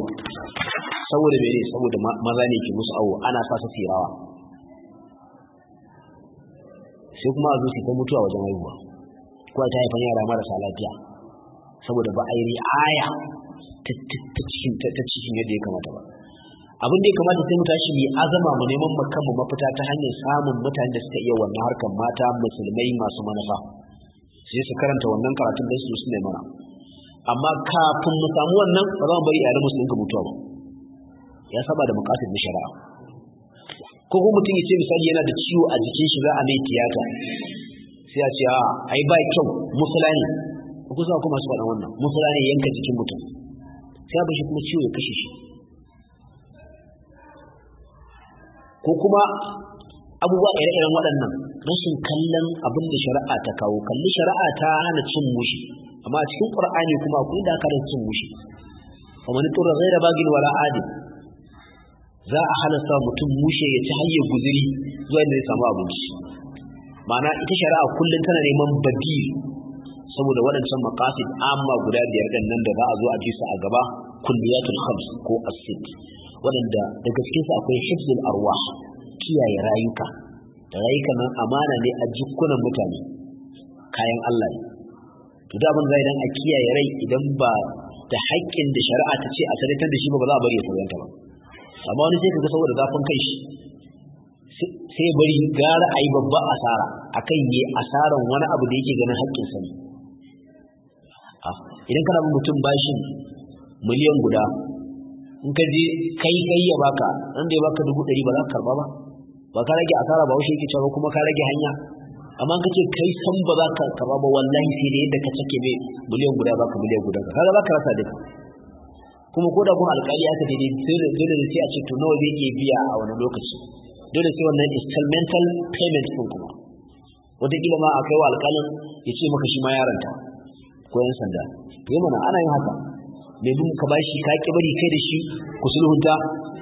saboda mene saboda maza ne ke musu awo ana sa su sai kuma a zo su ta mutuwa wajen haihuwa ko ta haifan yara marasa lafiya saboda ba a yi ri'aya ta cikin yadda ya kamata ba abin da ya kamata sai mu tashi mu azama mu neman makamu mafita ta hanyar samun mutane da suka iya wannan harkar mata musulmai masu manufa sai su karanta wannan karatun da su ne mana amma kafin mu samu wannan ba za mu bari yare musulmi ka mutuwa ba ya saba da na shari'a ko kuma mutum ya ce misali yana da ciwo a jikin shi za a mai tiyata sai a ce a ah, ai ba kyau Musulani. ne ku sa kuma su faɗa wannan Musulani yanka jikin mutum sai a bashi kuma ciwo ya kashe shi ko kuma abubuwa ire-iren waɗannan rashin kallon abin da shari'a ta kawo kalli shari'a ta hana cin mushi amma a cikin ƙur'ani kuma akwai da aka cin mushi fa man turra ghayra bagin wala adil za a sa mutum mushe ya ci hanyar guziri zuwa inda zai samu abinci ma'ana ita shari'a kullum tana neman badil saboda waɗancan makasid amma guda biyar ɗan nan da za a zo a jisa a gaba kulliyatul khams ko asid waɗanda daga cikin su akwai hifzul arwa kiyaye rayuka rayuka nan amana ne a jikunan mutane kayan Allah ne to da abin zai dan a kiyaye rai idan ba da haƙƙin da shari'a ta ce a sadaukar da shi ba ba za a bari ya sarwanta ba amma wani sai ka ga saboda zafin kai shi sai bari gara a yi babba asara kan yi asaran wani abu da yake ganin haƙƙin sani idan kana mutum bashin miliyan guda in ka je kai kai ya baka in da ya baka dubu ɗari ba za ka karba ba ba ka rage asara ba wasu yake cewa kuma ka rage hanya amma ka ce kai san ba za ka karba ba wallahi sai da yadda ka cike mai miliyan guda baka miliyan guda ka kaga za ka rasa duka kuma ko da kun alƙali aka daidai dole da sai a ce to nawa zai iya biya a wani lokaci dole sai wannan instrumental payment ɗin kuma wataƙila ma a kai wa alƙalin ya ce maka shi ma yaranta ko yan sanda to yi mana ana yin haka mai bin ka bashi ka ki bari kai da shi ku sulhunta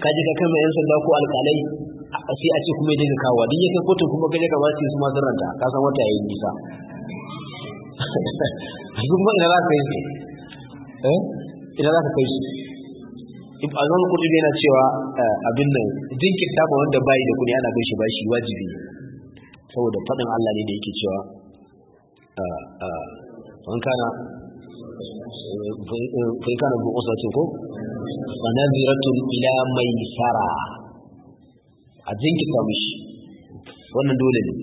ka ji ka mai yan sanda ko alƙalai sai a ce kuma ya daga kawo din ya kai kotun kuma gaje ka bashi su ma zarranta ka san wata yayin nisa [laughs] duk ma ina za ka yi eh ina za ka kai su azan kudubi yana cewa eh, abin nan jinkirta ba wanda bayi da kudi ana gaishe bashi wajibi saboda faɗin Allah ne da yake cewa wankana eh, eh, fankana bu usratin ko fa naziratun ila maisara a jinkirta mishi wannan dole ne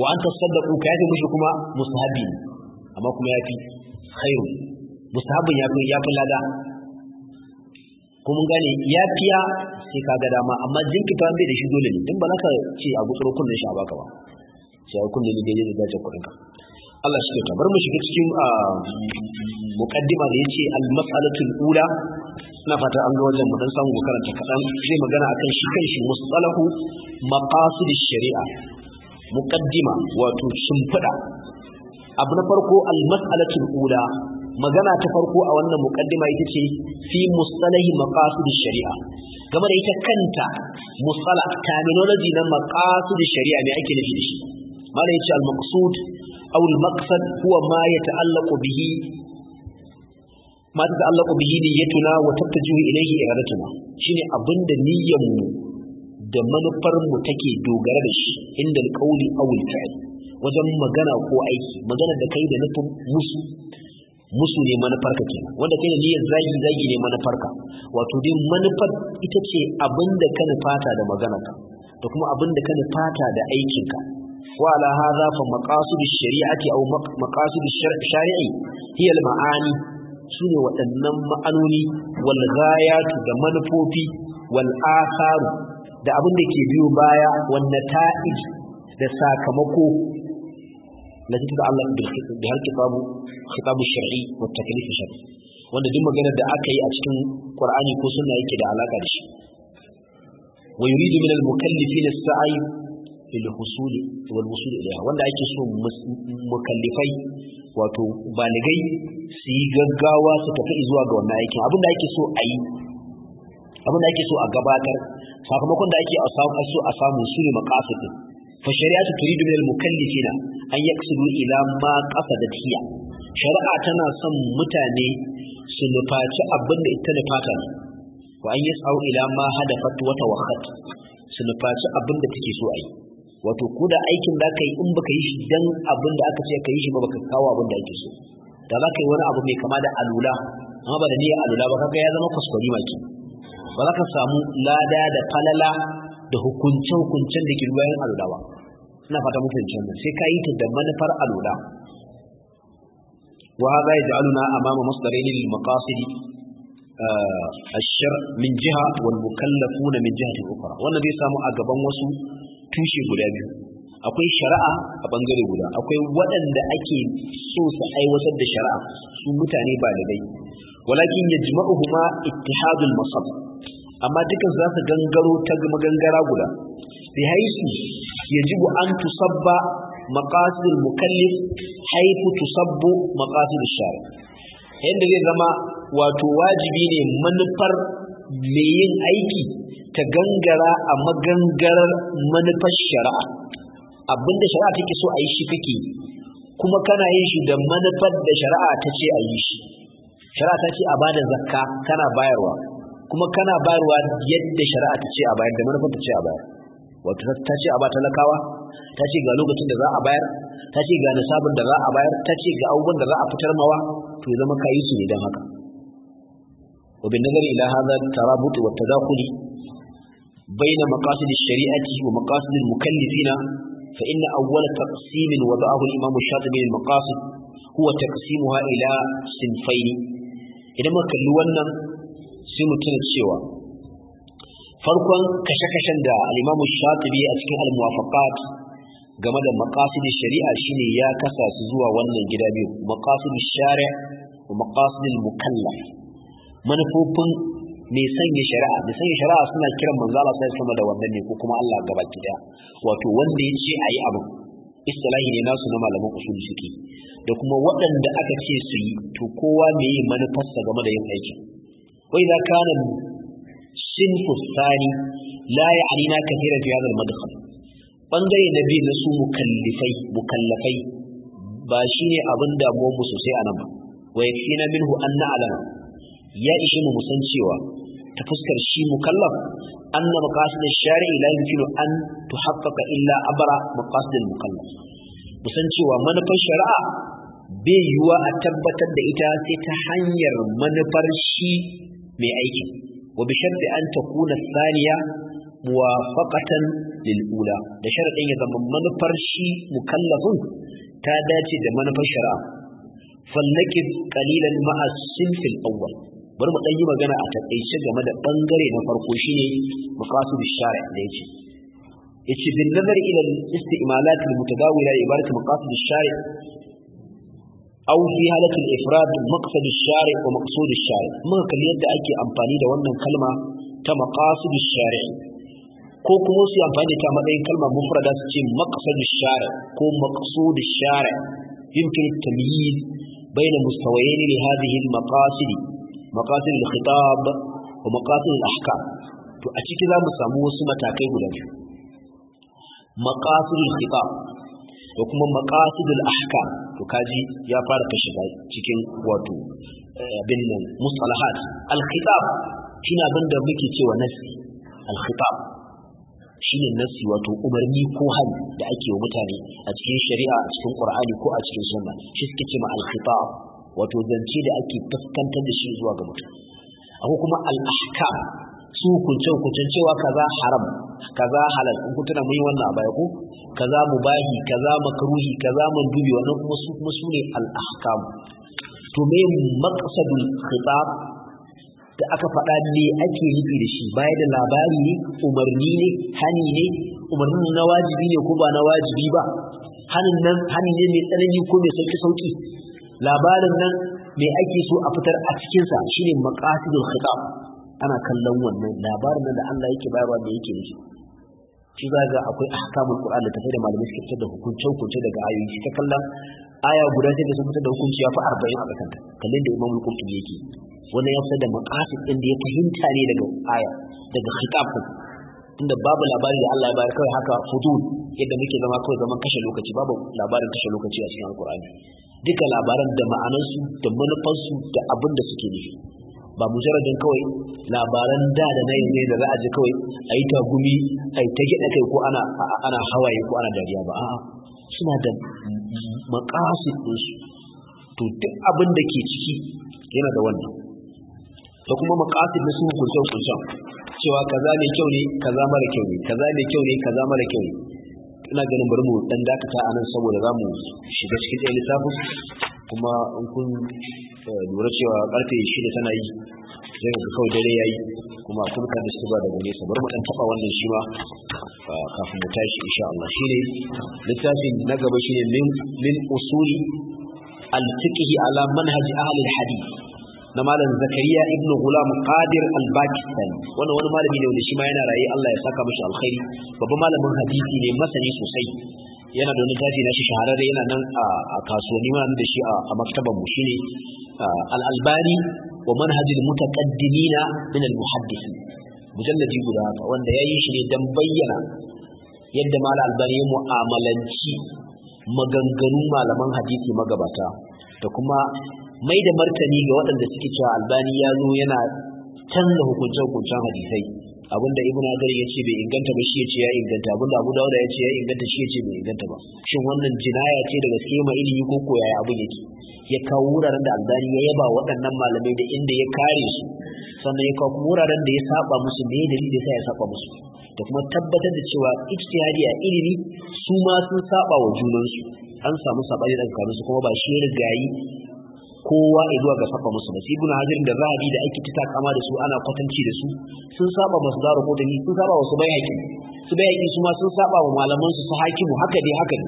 wa an tasaddaqu ka yafi mishi kuma musahabi amma kuma yafi khairu mustahabin ya ya fi lada Kuma mun gane ya fiya sai ka ga dama amma jinkita bai da shi dole ne dan ba za ka ce a gutsuro kunnen shi a baka ba sai a kunne ne daidai da dace kuɗin Allah shi ta bar mu shiga cikin ah, muqaddima da yace al-mas'alatul ula ina fata an ga wajen mu dan samu karanta kadan zai magana akan shi shi musalahu maqasid shari'a muqaddima wato shimfida abu na farko al-mas'alatul ula magana ta farko a wannan muqaddima ita ce fi mustalahi maqasid shari'a game da ita kanta mustala terminology na maqasid shari'a ne ake nufi da shi malai ce al-maqsud aw al-maqsad huwa ma yata'allaqu bihi ma ta'allaqu bihi niyyatuna wa tattaju ilayhi iradatuna shine abinda niyyar mu da manufar mu take dogara da shi inda al-qawli aw al-fi'l wajen magana ko aiki magana da kai da nufin musu musu ne manufarka ke wanda kai da niyyar zagi zagi ne manufarka wato dai manufar ita ce abinda ka fata da maganarka da kuma abinda ka fata da aikinka wa ala hadha fa maqasid ash-shari'ati aw maqasid ash-shari'i hiya al-ma'ani sune waɗannan ma'anoni wal ghayatu da manufofi wal atharu da abinda ke biyo baya wannan ta'ij da sakamako التي تتعلق بها الكتاب خطاب الشرعي والتكليف الشرعي wanda duk maganar da aka yi a cikin ƙur'ani ko suna yake da alaka da shi wa yuridu min al-mukallifin as-sa'i lil husuli wal wusul ilayha wanda ake so mukallifai wato baligai su yi gaggawa su tafi zuwa ga wannan aikin abin da ake so a yi abin a gabatar sakamakon da ake so a samu su ne فالشريعة تريد من المكلفين أن يقصدوا إلى ما قصدت هي شرعة تناصم متاني سنفات أبن التنفاتا وأن يسعوا إلى ما هدفت وتوخت سنفات أبن تكيسوا أي wato ko da aikin da ka yi in baka yi shi dan abin da aka ce ka yi shi ba baka kawo abin da ake so da za ka yi wani abu mai kama da alula amma ba da niyyar alula ba kaga ya zama kuskure maki ba za ka samu lada da falala da hukunce-hukuncen da ke bayan alula ba ina fata mutunci wannan sai ka yi ta da manufar alula wa hadha yaj'aluna amama masdarain lil maqasid eh, ashar min jiha wal mukallafuna min ta ukhra wannan zai samu a gaban wasu tushe guda biyu akwai shari'a a bangare guda akwai waɗanda ake so su aiwatar da shari'a su mutane ba da dai walakin yajma'uhuma ittihadul masab amma dukan za su gangaro ta magangara guda bi haisu yajibu an tusabba maqasid mukallif haifu tusabbu maqasid shari yanda zai zama wato wajibi ne manufar mai yin aiki ta gangara a magangarar manufar shari'a abinda shari'a take so a yi shi kake kuma kana yin shi da manufar da shari'a ta ce a yi shi shari'a ta ce a bada zakka kana bayarwa kuma kana bayarwa yadda shari'a ta ce a bayar da manufar ta ce a bayar wato ta ce a ba talakawa ta ce ga lokacin da za a bayar ta ce ga nisabin da za a bayar ta ce ga abubuwan da za a fitar mawa to ya zama kayi su ne don haka wa bin nazari ila hadha tarabut wa tadakhuli bayna maqasid ash-shari'ati wa maqasid al-mukallifina fa inna awwala taqsim wada'ahu al-imam ash-shatibi al-maqasid huwa taqsimuha ila sinfayn idan muka kalli wannan sai mu cewa farkon kashe-kashen da al'imamu shatibi a cikin al-muwafaqat game da maqasid shari'a shine ya kasa su zuwa wannan gida biyu maqasid shari'a da maqasid mukallaf manufofin mai sanya shari'a mai sanya shari'a suna kiran manzo Allah sai sama da wannan ne ko kuma Allah gaba daya wato wanda ya ce ayi abu istilahi ne nasu na malaman usul suke da kuma waɗanda aka ce su yi to kowa me yi manufarsa game da yin aikin وإذا كان الصنف الثاني لا يعنينا كثيرا في هذا المدخل ɓangare na biyu na su mukallifai mukallafai ba shi ne abin damuwanmu sosai a nan ba wa ya fi na minhu an na'alama ya ishe mu musan cewa ta fuskar shi mukallaf an na makasin shari'i la yumkinu an tuhaqqaqa illa abara makasin mukallaf musan cewa manufar shari'a bai yiwuwa a tabbatar da ita sai ta hanyar manufar shi mai aiki wa bi sharti an takuna Saniya muwafaqatan lil'ula. da sharadin ya zama manufar shi mukallafin ta dace da manufar shari'a fallakid qalilan ma'a sinfil awwal bari mu ɗan yi magana a takaice game da bangare na farko shine maqasid shari'a da yake yace bin nazar ila al-istimalat al-mutadawila ibarat da shari'a أو في حالة الإفراد مقصد الشارع ومقصود الشارع ما كان يدعي أكي أمباني دوان من كلمة كمقاصد الشارع كو كموسي أمباني تامدين كلمة مفردة مقصد الشارع كو مقصود الشارع يمكن التمييز بين مستويين لهذه المقاصد مقاصد الخطاب ومقاصد الأحكام فأتي كذا مساموس متاكي لك مقاصد الخطاب وكما مقاصد الأحكام to kaji ya fara ta shiga cikin wato eh, abin nan mustalahat al-khitab shine ban da muke cewa nasi al-khitab shine nasi wato umarni ko hali da ake wa mutane a cikin shari'a a cikin qur'ani ko a cikin sunna shi suke cewa al-khitab wato zance da ake fuskantar da shi zuwa ga mutum akwai kuma al-ahkam su hukunce hukuncen cewa kaza haram kaza halal in kun tana mun yi wannan a baya ko kaza mubahi kaza makruhi kaza mandubi wannan kuma su kuma su ne ahkam to me maqsadul khitab da aka faɗa ne ake nufi da shi bayan da labari ne umarni ne hani ne umarni na wajibi ne ko ba na wajibi ba hanin nan hani ne mai tsanani ko mai sauki sauki labarin nan me ake so a fitar a cikinsa shine maqasidul khitab ana kallon wannan labarin da Allah yake bayarwa da yake da shi shi za ga akwai ahkamul qur'an da tafi da malamai suke fitar da hukunce hukunce daga ayoyi shi ta kallon aya guda sai da sun fitar da hukunci ya fi arba'in a kasanta kallon da imamul kuntu yake wani ya fitar da maqasid din da ya fahimta ne daga aya daga khitab tunda babu labari da Allah ya bayar kawai haka fudul yadda muke zama kawai zaman kashe lokaci babu labarin kashe lokaci a cikin alqur'ani duka labaran da ma'anarsu da manufarsu da abin da suke nufi ba mujarradin kawai labaran da da na yanzu da za a ji kawai a yi tagumi a yi ta gida kai ko ana hawaye ko ana dariya ba a'a suna da makasid ɗinsu to duk abin da ke ciki yana da wannan ta kuma makasid na su kusan kusan cewa kaza ne kyau ne kaza mara kyau ne kaza ne kyau ne kaza mara kyau ne ina ganin bari mu dan dakata a nan saboda za mu shiga cikin ɗaya lissafin kuma in kun Eh, lura cewa karfe shida tana yi zai ga kawai dare yayi kuma kuma ka da su ba daga nesa bari mu dan taba wannan shi ba, kafin mu tashi insha Allah shine littafin na gaba shine min min usuli al-fiqh ala manhaj ahli al-hadith na malam zakariya ibn gulam qadir al-pakistani wannan wani malami ne wanda shi ma yana raye Allah ya saka mashi alkhairi babban malamin hadisi ne masani sosai yana da wani daji na shi shahararre yana nan a kasuwanni wani da shi a maktabar mu shine al-albani wa manhajul mutaqaddimina min al muhaddisi mujalladi guda haka wanda yayi shi ne dan bayyana yadda malam albani ya mu'amalanci maganganun malaman hadisi magabata da kuma mai da martani ga waɗanda suke cewa albani ya zo yana canza hukunce-hukuncen hadisai abinda ibn hajar ya ce bai inganta ba shi ya ce ya inganta abinda abu dawuda ya ce ya inganta shi ya ce bai inganta ba shin wannan jinaya ce daga sema ilimi ko koya yaya abin yake ya kawo wuraren da albani ya yaba waɗannan malamai da inda ya kare su sannan ya kawo wuraren da ya saba musu ne da da ya saba musu da kuma tabbatar da cewa ijtihadi a ilimi su ma sun saba wa junansu an samu sabani da su kuma ba shi rigayi kowa ya zuwa ga safa musu da ibn hajar da zahabi da ake kita kama da su ana kwatanci da su sun saba musu da ko dani sun saba wasu bayaki su bayaki su ma sun saba wa malaman su su hakimu haka dai haka ne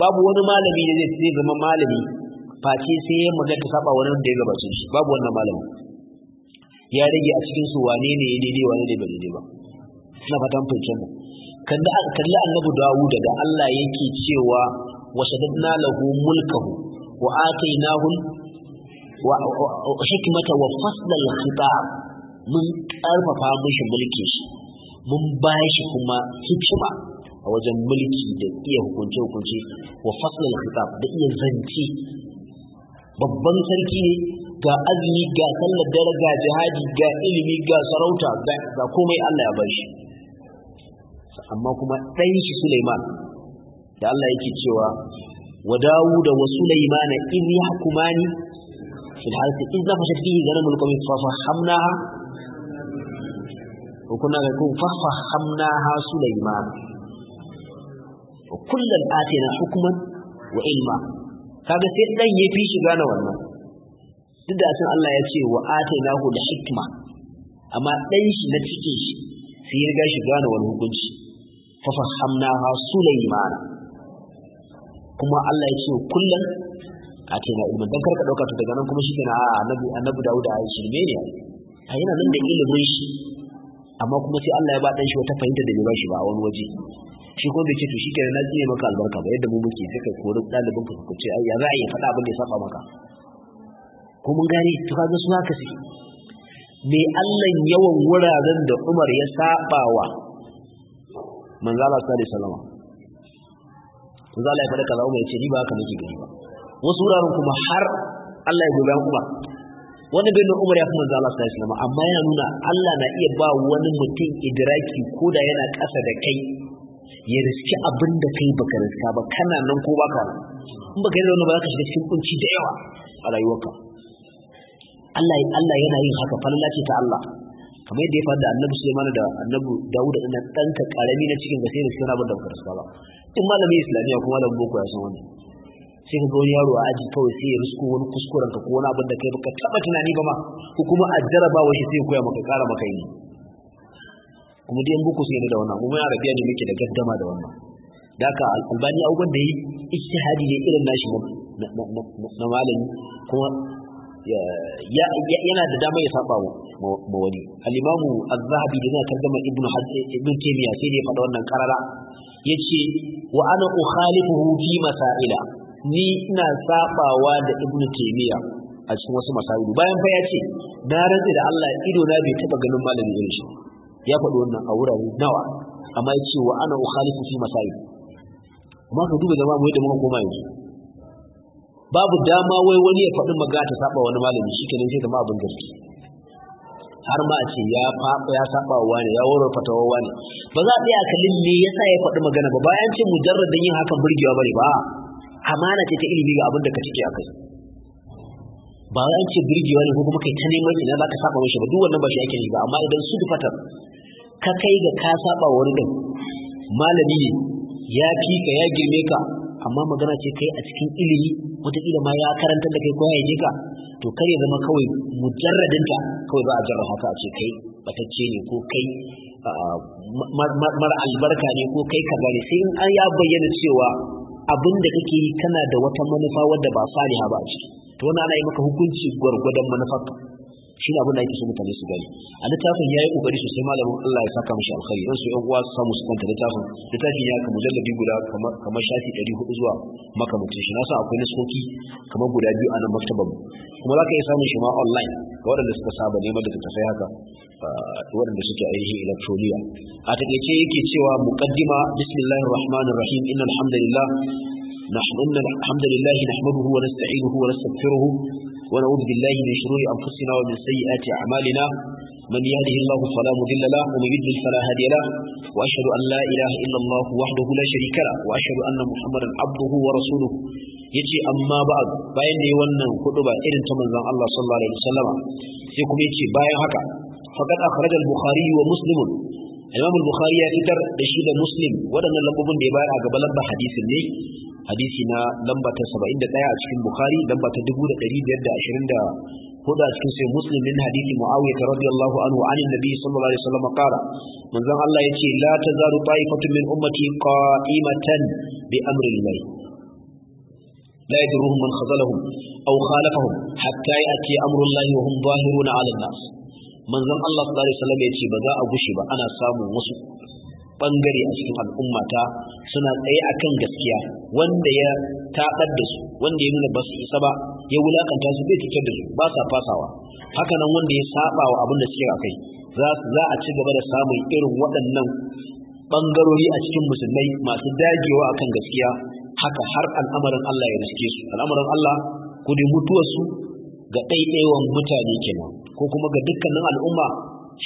babu wani malami da zai zama malami face sai ya magana ta saba wani da ya gabace shi babu wannan malami ya rage a cikin su wane ne daidai wane ne ba daidai ba na fatan fahimtar mu kalli kalli annabi Dawud da Allah yake cewa wa shadadna lahu mulkahu wa atainahu hikimata hikmata wa faslal khitab mun karfafa mishi mulki shi mun bashi kuma hikima a wajen mulki da iya hukunce hukunce wa faslal khitab da iya zance babban sarki ne ga azumi ga sallar daraja, jihadi ga ilimi ga sarauta ga komai Allah ya bashi amma kuma ɗan shi Sulaiman da Allah yake cewa wa Dawuda wa Sulaiman in yahkumani في الحديث إذ نفشت فيه جنم القوم ففحمناها وكنا نقول ففحمناها سليمان وكل آتينا حكما وعلما كان في أن يفيش جانا والما تدعى الله يكشي وآتيناه الحكمة أما ليش نتفكيش في رجاش جانا والمقدش ففحمناها سليمان كما الله يكشي كل a ce na ilimin don karka dauka to daga nan kuma shi na a annabi annabi wuda a shirme ne a yana nan da ilimin shi amma kuma sai Allah ya ba ɗan shi wata fahimta da bai ba shi ba a wani waje shi kuma bai ce to ke na tsine maka albarka ba yadda mu muke sai kai korin dalibin ka ku ce ya za a yi faɗa abin da ya saba maka ko mun gane to ka ga su haka suke me Allah yawan wuraren da Umar ya sabawa manzo Allah sallallahu alaihi wasallam manzo Allah ya faɗa kaza Umar ya ce ni ba haka nake gani ba wasu wuraren kuma har Allah ya gobe kuma wani bai umar ya fi manzo Allah sallallahu alaihi wasallam amma yana nuna Allah na iya ba wani mutum idraki ko da yana ƙasa da kai ya riski abin da kai baka riska ba kana nan ko baka in baka yi da wani ba za ka shiga cikin kunci da yawa a rayuwarka Allah Allah yana yin haka falala ce ta Allah kamar yadda ya faru da annabi Sulaiman da annabi Dawud da ɗanka ƙarami na cikin gasai da suna ba da baka ba in malami Islamiyya kuma malamin boko ya san wannan sai ka ga wani yaro a aji kawai sai ya risko wani kuskuren ka ko wani abin da kai baka taba tunani ba ma ko kuma a jarabawa shi sai ya koya maka kara maka yi kuma dai an buku sai da wannan kuma yana rabiya ne muke da gaddama da wannan daka albani abubuwan da yi ijtihadi ne irin nashi na malami kuma yana da dama ya saba ma wani al-imamu az-zahabi da zai tarjama ibn ibn taymiya sai ya faɗa wannan karara yace wa ana ukhalifuhu fi masaila ni ina sabawa da ibnu taymiya a cikin wasu masarudu bayan fa ya ce na rantsi da Allah ido na bai taba ganin malamin irin shi ya faɗi wannan a wurare nawa amma ya ce wa ana ukhalifu fi masail amma ka duba jama'a mu yadda muka koma yanzu babu dama wai wani ya faɗi magana ta saba wani malami shikenan sai zama abin gaske har ma a ce ya faɗi ya saba wa ne ya wuro fatawa wa ne ba za a tsaya kallin me yasa ya faɗi magana ba bayan ce mujarradin yin hakan burgewa bane ba amana ce ta ilimi ga abin da ka cike akai ba wai an ce burgewa ne ko kuma kai ta neman ina za ka saba mishi ba duk wannan ba shi ake yi ba amma idan su fatar ka kai ga ka saba wani din malami ne ya fi ka ya girme ka amma magana ce kai a cikin ilimi wataƙila ma ya karanta da kai ko ya ka to kan ya zama kawai ka kawai ba a jarra haka a ce kai batacce ne ko kai ah, mara albarka ne ko kai ka ne sai in an ya bayyana cewa abin da kake yi kana da wata manufa wadda ba saliha ba ce to wannan ana yi maka hukunci gwargwadon manufarka shi ne abin da ake so mutane su gani a littafin ya yi ƙoƙari sosai malamin Allah ya saka mashi alkhairi yan su yan uwa su samu su kanta littafin littafin ya ka mujallabi guda kamar shafi ɗari hudu zuwa makamacin shi na sa akwai nasoki kamar guda biyu a nan maktabar kuma za ka iya samun shi ma online ga waɗanda suka saba neman da ta sai haka waɗanda suke ainihin electroniya a taƙaice yake cewa muqaddima bismillahir rahmanir rahim inna alhamdulillah نحن إن الحمد لله نحمده ونستعينه ونستغفره ونعوذ بالله من شرور أنفسنا ومن سيئات أعمالنا من يهده الله فلا مضل له ومن يضلل فلا هادي له وأشهد أن لا إله إلا الله وحده لا شريك له وأشهد أن محمدا عبده ورسوله yace amma ba bayan da yi wannan hudu ba irin ta manzon Allah sallallahu alaihi wasallama sai kuma yace bayan haka faqad akhrajal bukhari wa muslimun Imam Bukhari ya fitar da shi da Muslim waɗannan lambobin da ya bayar a gaba lambar hadisin ne hadisi na lamba ta 71 a cikin Bukhari lamba ta 2524 a cikin sai Muslim min hadisi Muawiya radiyallahu anhu an annabi sallallahu alaihi wasallam qala manzon Allah yace la tazaru ta'ifatun min ummati qa'imatan bi amri Allah لا يدرهم من خذلهم أو خالفهم حتى يأتي أمر الله وهم ظاهرون على الناس manzon Allah sallallahu alaihi wasallam ya ce ba za a gushe ba ana samun wasu bangare a cikin al'umma ta suna tsaye akan gaskiya wanda ya tabar da su wanda ya nuna ba su isa ba ya wulakanta su zai cutar da su ba sa fasawa haka nan wanda ya saba wa abin da suke a kai za a ci gaba da samun irin waɗannan bangarori a cikin musulmai masu dagewa akan gaskiya haka har al'amarin Allah ya riske su al'amarin Allah ku dai su ga ɗaiɗaiwan mutane kenan ko kuma ga dukkanin al'umma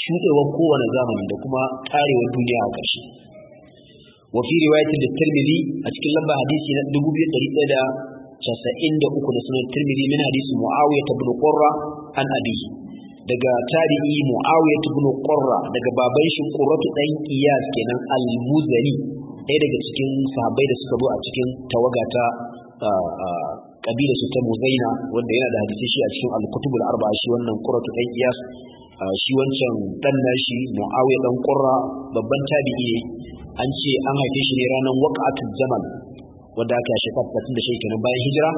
shuɗewar kowane zamani da kuma tarewar duniya a ƙarshe wafi riwayatin da tirmidhi a cikin lamba hadisi na 2193 da sunan tirmidhi min hadisi muawiya ibn ƙorra an abihi daga tarihi muawiya ibn ƙorra daga baban shi qurratu ɗan iyas kenan al-muzani ɗaya daga cikin sahabbai da suka zo a cikin tawaga ta kabila su ta muzaina wanda yana da hadisi shi a cikin al-kutubul arba'a shi wannan qurratu dan iyas shi wancan dan nashi muawiya dan qurra babban tabi'i an ce an haife shi ne ranar waqatul Zama wanda aka shi fatin da shi bayan hijira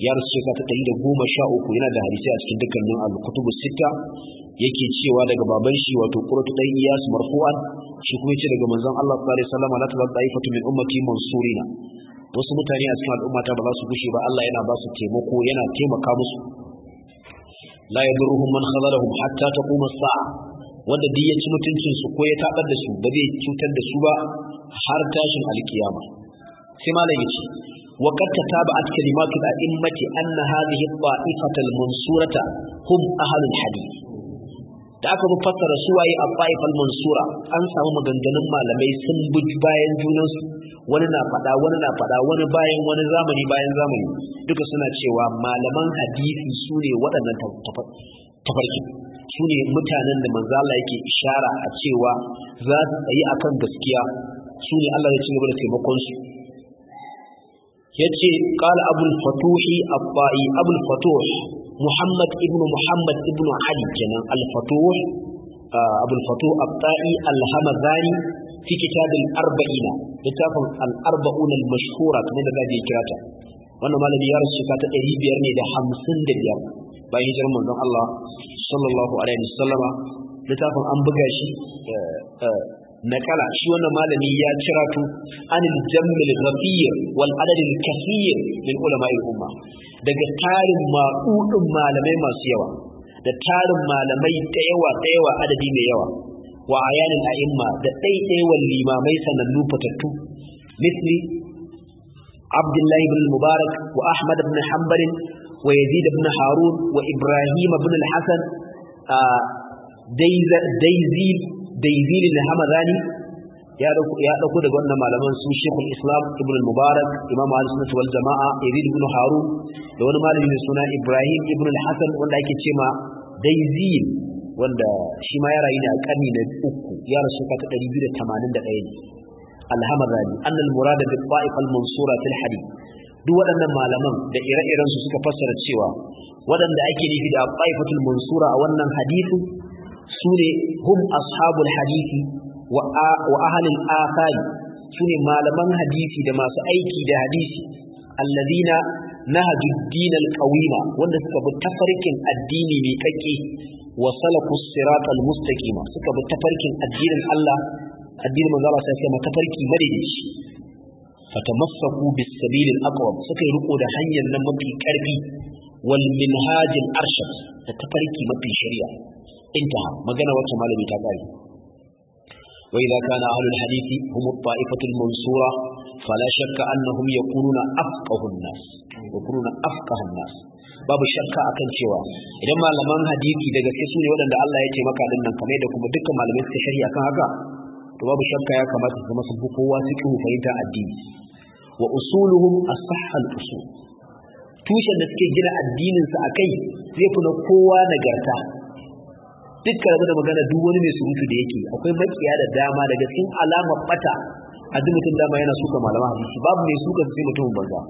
ya rasu shekara ta ɗari da goma sha uku yana da hadisi a cikin dukkanin al sita yake cewa daga baban shi wato qurratu ɗan iyas marfu'an shi kuma ce daga manzon Allah sallallahu alaihi wasallam la tabqa min ummati mansurina wasu mutane a cikin al'umma ta ba za su gushe ba Allah yana ba su taimako yana taimaka musu la yadurruhum man khazalahum hatta taqum as-sa'a wanda duk ya ci mutuncin su ko ya tabar da su ba zai cutar da su ba har tashin ali sai malam yace wa qad tataba'at kalimatu al-a'immati anna hadhihi at-ta'ifata al-mansurata hum ahlul hadith da aka bi fassara su waye a fa'ifal mansura an samu maganganun malamai sun bi bayan junansu wani na faɗa wani na faɗa wani bayan wani zamani bayan zamani duka suna cewa malaman hadisi su ne waɗannan tafarki su ne mutanen da manzo Allah yake ishara a cewa za su tsayi akan gaskiya su ne Allah ya ci gaba da taimakon su yace qala abul fatuhi abai abul fatuh Muhammad ibn Muhammad Ibnu Ali kenan al-Fatuh uh, Abu al-Fatuh al-Ta'i al-Hamazani arbaina littafin al-Arba'un al-mashhura da zai kira ta wannan malami ya rasu ta 500 ne da 55 bayan manzon Allah sallallahu alaihi littafin an buga shi uh, uh, نقلا شي wannan malami ya ciratu anil jammil rafiy wal adad al kaseer min ulama al umma daga tarin maqudin malamai masu yawa da tarin malamai da yawa da yawa adadi mai yawa wa ayanin a'imma da daidaiwan limamai sanannu fatattu misli Abdullahi ibn Mubarak wa Ahmad ibn Hanbal wa Yazid ibn Harun wa Ibrahim ibn al daibili da hamadani ya ɗauko daga wannan malaman su shekul islam ibn mubarak imam al-sunnah wal jama'a yazid ibn harun da wani malami mai suna ibrahim ibn al-hasan wanda ake ce ma daizil wanda shi ma ya rayu ne a karni na uku ya rasu kata 281 ne al-hamadani annal murada bi ta'if al-mansura fil hadith duk waɗannan malaman da ire-iren su suka fassara cewa waɗanda ake nufi da ta'ifatul mansura a wannan hadithin su ne hum ashabul hadisi wa ahalin asari su ne malaman hadisi da masu aiki da hadisi allazina na hajjuddin alƙawima wanda suka bi tafarkin addini mai kake wa salakus sirat almustaqima suka bi tafarkin addinin Allah addinin manzo Allah sai kuma tafarki madaidaici fatamassaku bis sabil al suka riko da hanyar nan mafi karfi wal minhaj al arshad da tafarki mafi shari'a inta magana wacce malami ta tsari wa idza kana ahlul hadithi hum at-ta'ifatu al-mansura fala shakka annahum yaquluna afqahu an-nas yaquluna afqahu nas babu shakka akan cewa idan malaman hadithi daga cikin su ne Allah ya ce maka din nan kamar da kuma dukkan malamai su shari'a akan haka to babu shakka ya kamata su zama su kowa cikin fahimta addini wa usuluhum as-sahha al-usul tushen da suke gina addinin su akai zai fi na kowa nagarta duk rabu da magana duk wani mai surutu da yake akwai makiya da dama daga cikin alamar bata a duk mutum dama yana suka malaman hadisi babu mai suka sai mutum banza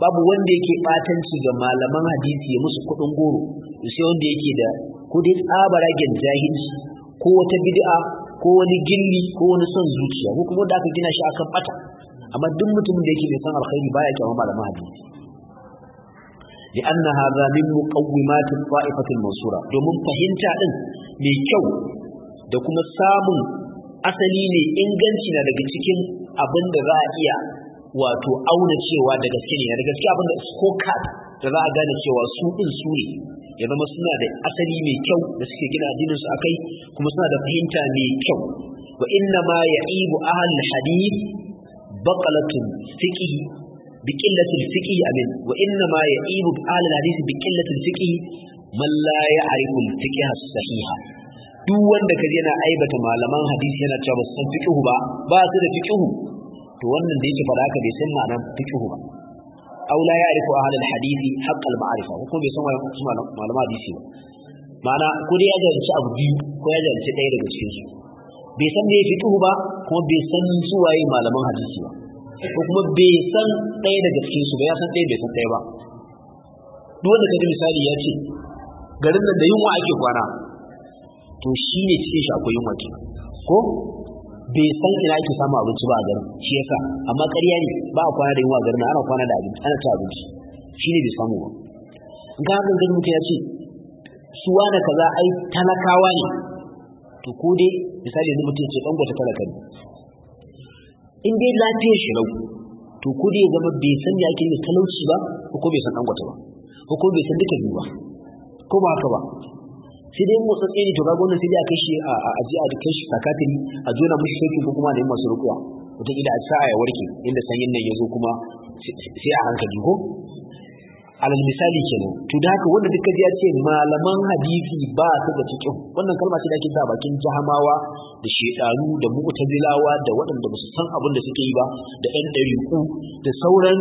babu wanda yake batanci ga malaman hadisi ya musu kuɗin goro sai wanda yake da ko dai tsabaragen jahilci ko wata bid'a ko wani gilli ko wani son zuciya ko kuma da aka gina shi akan bata amma duk mutumin da yake mai san alkhairi baya kyawun malaman hadisi لأن هذا من مقومات الطائفة المنصورة domin fahimta ɗin mai kyau da kuma samun asali ne inganci na daga cikin abin da za iya wato auna cewa da gaske ne da abin da scorecard da za gane cewa su ɗin su ne ya zama suna da asali mai kyau da suke gina addinin su akai kuma suna da fahimta mai kyau wa inna ma ya'ibu ahlul hadith baqalatun fiqh biqillatil fiqi abin wa inna ma ya'ibu al hadisi biqillatil fiqi man la ya'rifu al fiqh duk wanda kaje yana aibata malaman hadisi yana cewa san fiqhu ba ba su da fiqhu to wannan da yake fada haka bai san ma'anar fiqhu ba aw la ya'rifu ahli al hadisi haqq al ma'rifa bai san malaman hadisi ba ma'ana ko dai ya jahilci abu biyu ya ɗaya daga cikin su bai san me ba kuma bai san su waye malaman hadisi ba ko kuma bai san ɗaya daga cikin su ba ya san ɗaya bai san ɗaya ba duk da kaga misali ya ce garin nan da yunwa ake kwana to shi ne cikin shi akwai yunwa ke ko bai san ina ake samun abinci ba a garin shi yasa amma ƙarya ne ba a kwana da yunwa a garin ana kwana da abinci ana ta abinci shi ne bai samu ba ga haka garin mutum ya ce su wane kaza ai talakawa ne to ko dai misali yanzu mutum ce ɗan gwata talaka ne in dai lafiyar shi rau to ko dai ya zama bai san da ake talauci ba ko bai san an gwata ba ko bai san duka biyu ba ko ba haka ba sai dai motsa tsaye to kaga wannan sai dai aka shi a aji a dukkan shi sakatiri a jona mishi sauki ko kuma da yin masu rukuwa wataƙila a sa'a ya warke inda sanyin nan ya zo kuma sai a hankali ko alal misali kenan to da haka wanda duka ya ce malaman hadisi ba su da cikin wannan kalma ce da ake sa bakin jahamawa da shedaru da mu'tazilawa da waɗanda ba su san abin da suke yi ba da ɗan ɗariku da sauran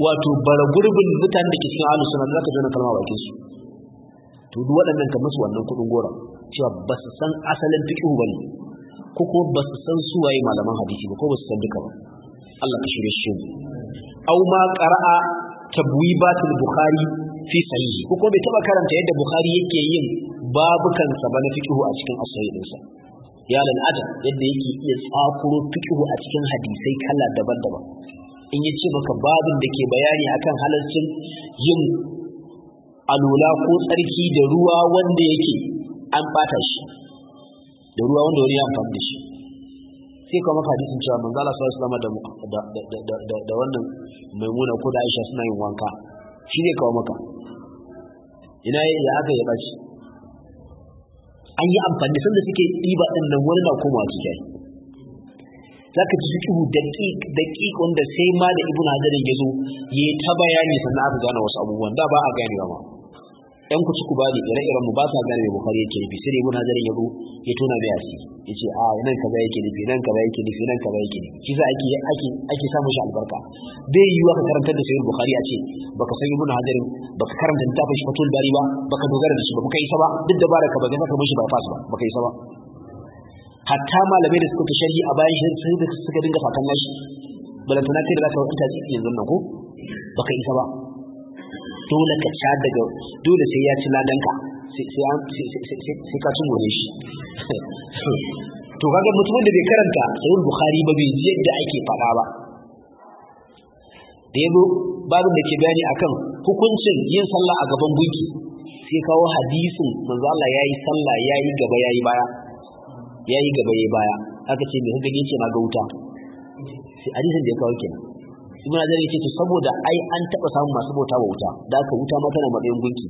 wato bara gurbin mutanen da ke cikin ahlus sunna zaka ji kalma bakin su to duk waɗannan ka musu wannan kuɗin gora cewa ba su san asalin fiqh bane ko kuma ba su san su waye malaman hadisi ba ko ba su san duka ba Allah ka shirye shi au ma qara'a tabwibatul bukhari fi sahihi ko kuma bai taba karanta yadda bukhari yake yin babukan sa ba na fiqhu a cikin as ya lan adam yadda yake iya tsakuro fiqhu a cikin hadisai kala daban-daban in yace maka babin da ke bayani akan halaccin yin alula ko tsarki da ruwa wanda yake an bata shi da ruwa wanda wani ya amfani da shi sai kuma maka hadisin cewa manzala Allah sallallahu alaihi wasallam da wannan maimuna ko da Aisha suna yin wanka shi ne kawo maka ina yayi ya aka ya bashi an yi amfani da sanda suke ɗiba ɗin nan wani na kuma su kai za ka ji da daƙiƙ wanda sai ma da ibn hadarin ya zo ya ta bayani sannan aka gane wasu abubuwan da ba a ba ma yan ku ku bani ire-iren mu ba ta gane mai bukari yake nufi sai mun hazarin yabo ya tona mai asi ya ce a ah, nan kaza yake nufi nan kaza yake nufi nan kaza yake nufi shi za ake ake ake samun shi albarka bai yi wa ka karantar da sayyid bukari a ce baka san ibnu hazarin baka karanta littafin shi fatul bari ba baka dogara da shi ba baka yi ba duk da baraka ba ka mishi ba fas ba baka yi ba hatta malamai da suka fi sharhi a bayan da suka dinga fatan nashi balantana kai da za zaka wata yanzu nan ko baka isa ba dole ka ci daga dole sai ya ci ladanka sai ka sun gore shi [laughs] to kaga mutumin da bai karanta sahih bukhari ba bai ji yadda ake faɗa ba da yabo babin da ke bayani akan hukuncin yin sallah a gaban gunki sai kawo hadisin manzo Allah yayi sallah yayi gaba yayi baya yayi gaba yayi baya haka ce me hukunci ce ma ga wuta sai hadisin da ya kawo kenan ibn azar yake ta saboda ai an taba samun masu bauta wa wuta da aka wuta ma tana matsayin gunki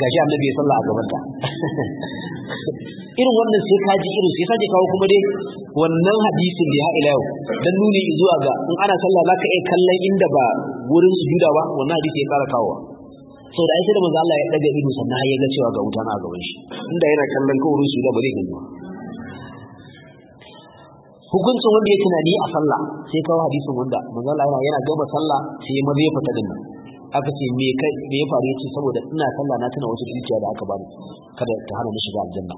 gashi annabi ya sallah a gaban ta irin wannan sai kaji irin sai kaji kawo kuma dai wannan hadisin da ya ila yau dan nuni zuwa ga in ana sallah zaka iya kallon inda ba wurin sujuda ba wannan hadisi ya fara kawo sau da aisha da manzo Allah ya daga ido sannan ya ga cewa ga wuta na gaban shi inda yana kallon kawurin sujuda ba zai gani ba hukuncin wanda ya tunani a sallah sai kawo hadisin wanda manzo Allah yana gaba sallah sai ya maza ya fita din aka ce me kai me ya faru yace saboda ina sallah na tuna wasu dukiya da aka bani kada ta hana ni shiga aljanna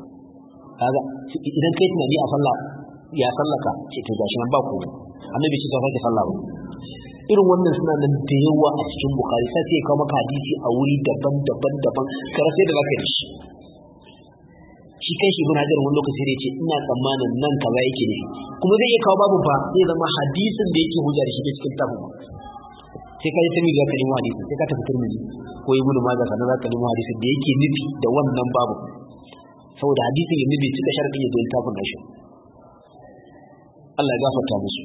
kaga idan kai tunani a sallah ya sallaka ce to gashi nan ba ku annabi ce ka sake sallah ba irin wannan suna nan da yawa a cikin bukari sai sai kawo maka hadisi a wuri daban-daban daban kar sai da baka yi shi kai shi muna wani lokaci da ce ina tsammanin nan kaza yake ne kuma zai iya kawo babu fa zai zama hadisin da yake hujjar shi cikin tabu sai ka yi tafi za ka nemo hadisin sai ka tafi tirmidhi ko yi majah sannan za ka nemo hadisin da yake nufi da wannan babu saboda hadisin ya nufi cika sharadi ya zo littafin nashi Allah ya gafarta musu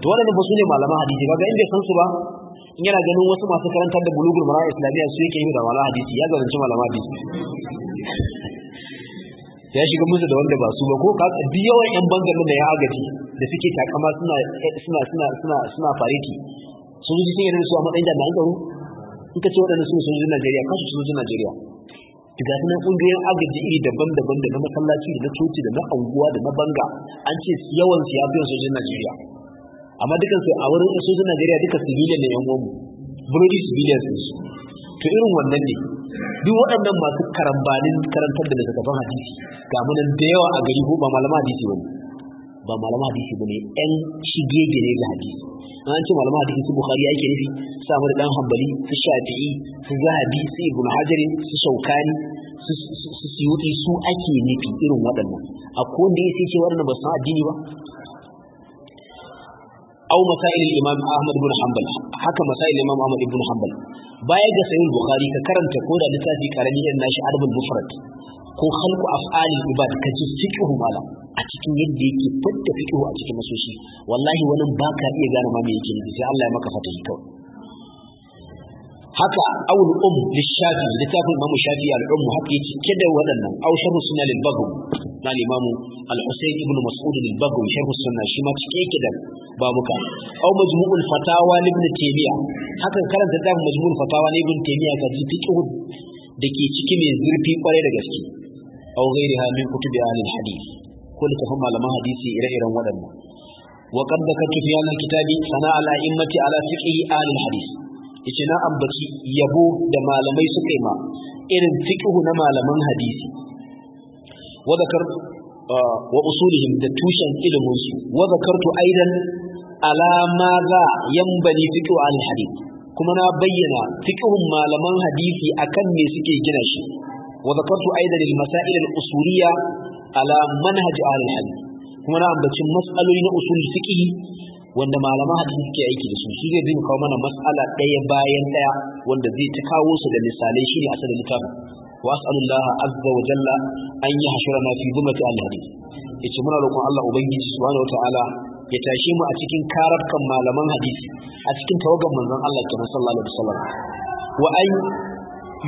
to waɗannan ba su ne malaman hadisi ba? ga bai san su ba in yana ganin wasu masu karantar da bulugul mara islamiyya su yake yi da malaman hadisi ya zalunci malaman hadisi ya shiga musu da wanda ba su ba ko ka bi yawan yan bangar da ya agaji da suke takama suna suna suna suna suna fariki sun ji cikin su a matsayin jami'an tsaro in ka ce waɗanda su sojojin Najeriya kan su sojojin Najeriya ga sunan ƙungiyoyin agaji iri daban-daban da na masallaci da na coci da na anguwa da na banga an ce yawan su ya biyan sojojin Najeriya amma dukkan su a wurin sojin Najeriya duka civilian ne yan uwanmu burodi civilian su to irin wannan ne duk waɗannan masu karambanin karantar da littattafan hadisi ga munan da yawa a gari ko ba malama hadisi bane ba malama hadisi bane ɗan shigege ne ga hadisi an ce malama hadisi su bukhari ake nufi su da ɗan hanbali su shafi'i su zahabi su ibnu hajarin su saukani su siyuti su ake nufi irin waɗannan a wanda da yake ce waɗannan ba su addini ba Au masail imam ahmad ibn hanbal haka masail imam ahmad ibn hanbal baya ga sahih bukhari ka karanta ko da Lissafi karami irin nashi arbul mufrad ko khalqu af'alil ibad ka ji fiqhu mala a cikin yadda yake fitta fiqhu a cikin masoshi wallahi wani baka iya gane ma me yake sai Allah ya maka fatahi kawai haka awul um lishafi littafin imamu shafi al'ummu haka yake kida waɗannan aw sharhu sunna lil baghm na imamu al-husayn ibn mas'ud lil baghm sharhu sunna shi ma cike yake da babuka aw majmu'ul fatawa ibn taymiya haka karanta da majmu'ul fatawa na ibn taymiya ga fiqh dake ciki mai zurfi kwarai da gaske aw ghairiha min kutubi ahlil hadith ko littafin malaman hadisi ire-iren waɗannan وقد ذكرت في هذا الكتاب ثناء الأئمة على فقه آل الحديث yace na ambaci yabo da malamai suka yi ma irin fiqhu na malaman hadisi wa zakar ah, wa usulihim da tushen ilimin su wa zakartu aidan ala ma za yanbani fiqhu al hadith kuma na bayyana fiqhun malaman hadisi akan me suke gina shi wa zakartu aidan al masail al usuliyya ala manhaj al hadith kuma na ambaci mas'aloli na usul fiqhi wanda malaman hadisi suke aiki da su su zai bin kawo mana mas'ala ɗaya bayan ɗaya wanda zai ta kawo su da misalai shi ne asalin littafin wa as'alullaha azza wa jalla an yi hashurana fi zumati al yace muna roƙon Allah ubangiji subhanahu wa ta'ala ya tashe mu a cikin kararkan malaman hadisi a cikin tawagan manzon Allah kenan sallallahu alaihi wasallam wa ay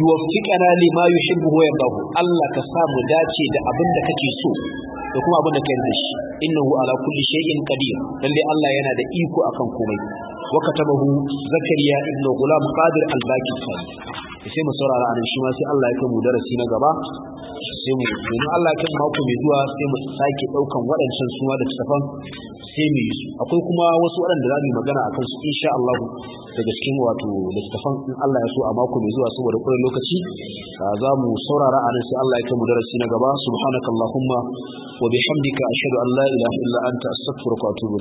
yuwaffiqana lima yuhibbu wa yardahu Allah ka sa mu dace da abin da kake so da kuma abin da ka yarda shi innahu ala kulli shay'in qadir lalle Allah yana da iko akan komai wa katabahu zakariya ibnu gulam qadir al-baqi sai mu saurara anan shi ma sai Allah ya kai mu darasi na gaba sai mu domin Allah ya kai mako mai zuwa sai mu sake daukan waɗancan suma da tafan sai mu yi su akwai kuma wasu waɗanda za mu magana akan su insha Allah daga cikin wato littafan in Allah ya so a mako mai zuwa saboda kuren lokaci za mu saurara a nan sai Allah ya kai mu darasi na gaba subhanakallahumma wa bihamdika ashhadu an la ilaha illa anta astaghfiruka wa atubu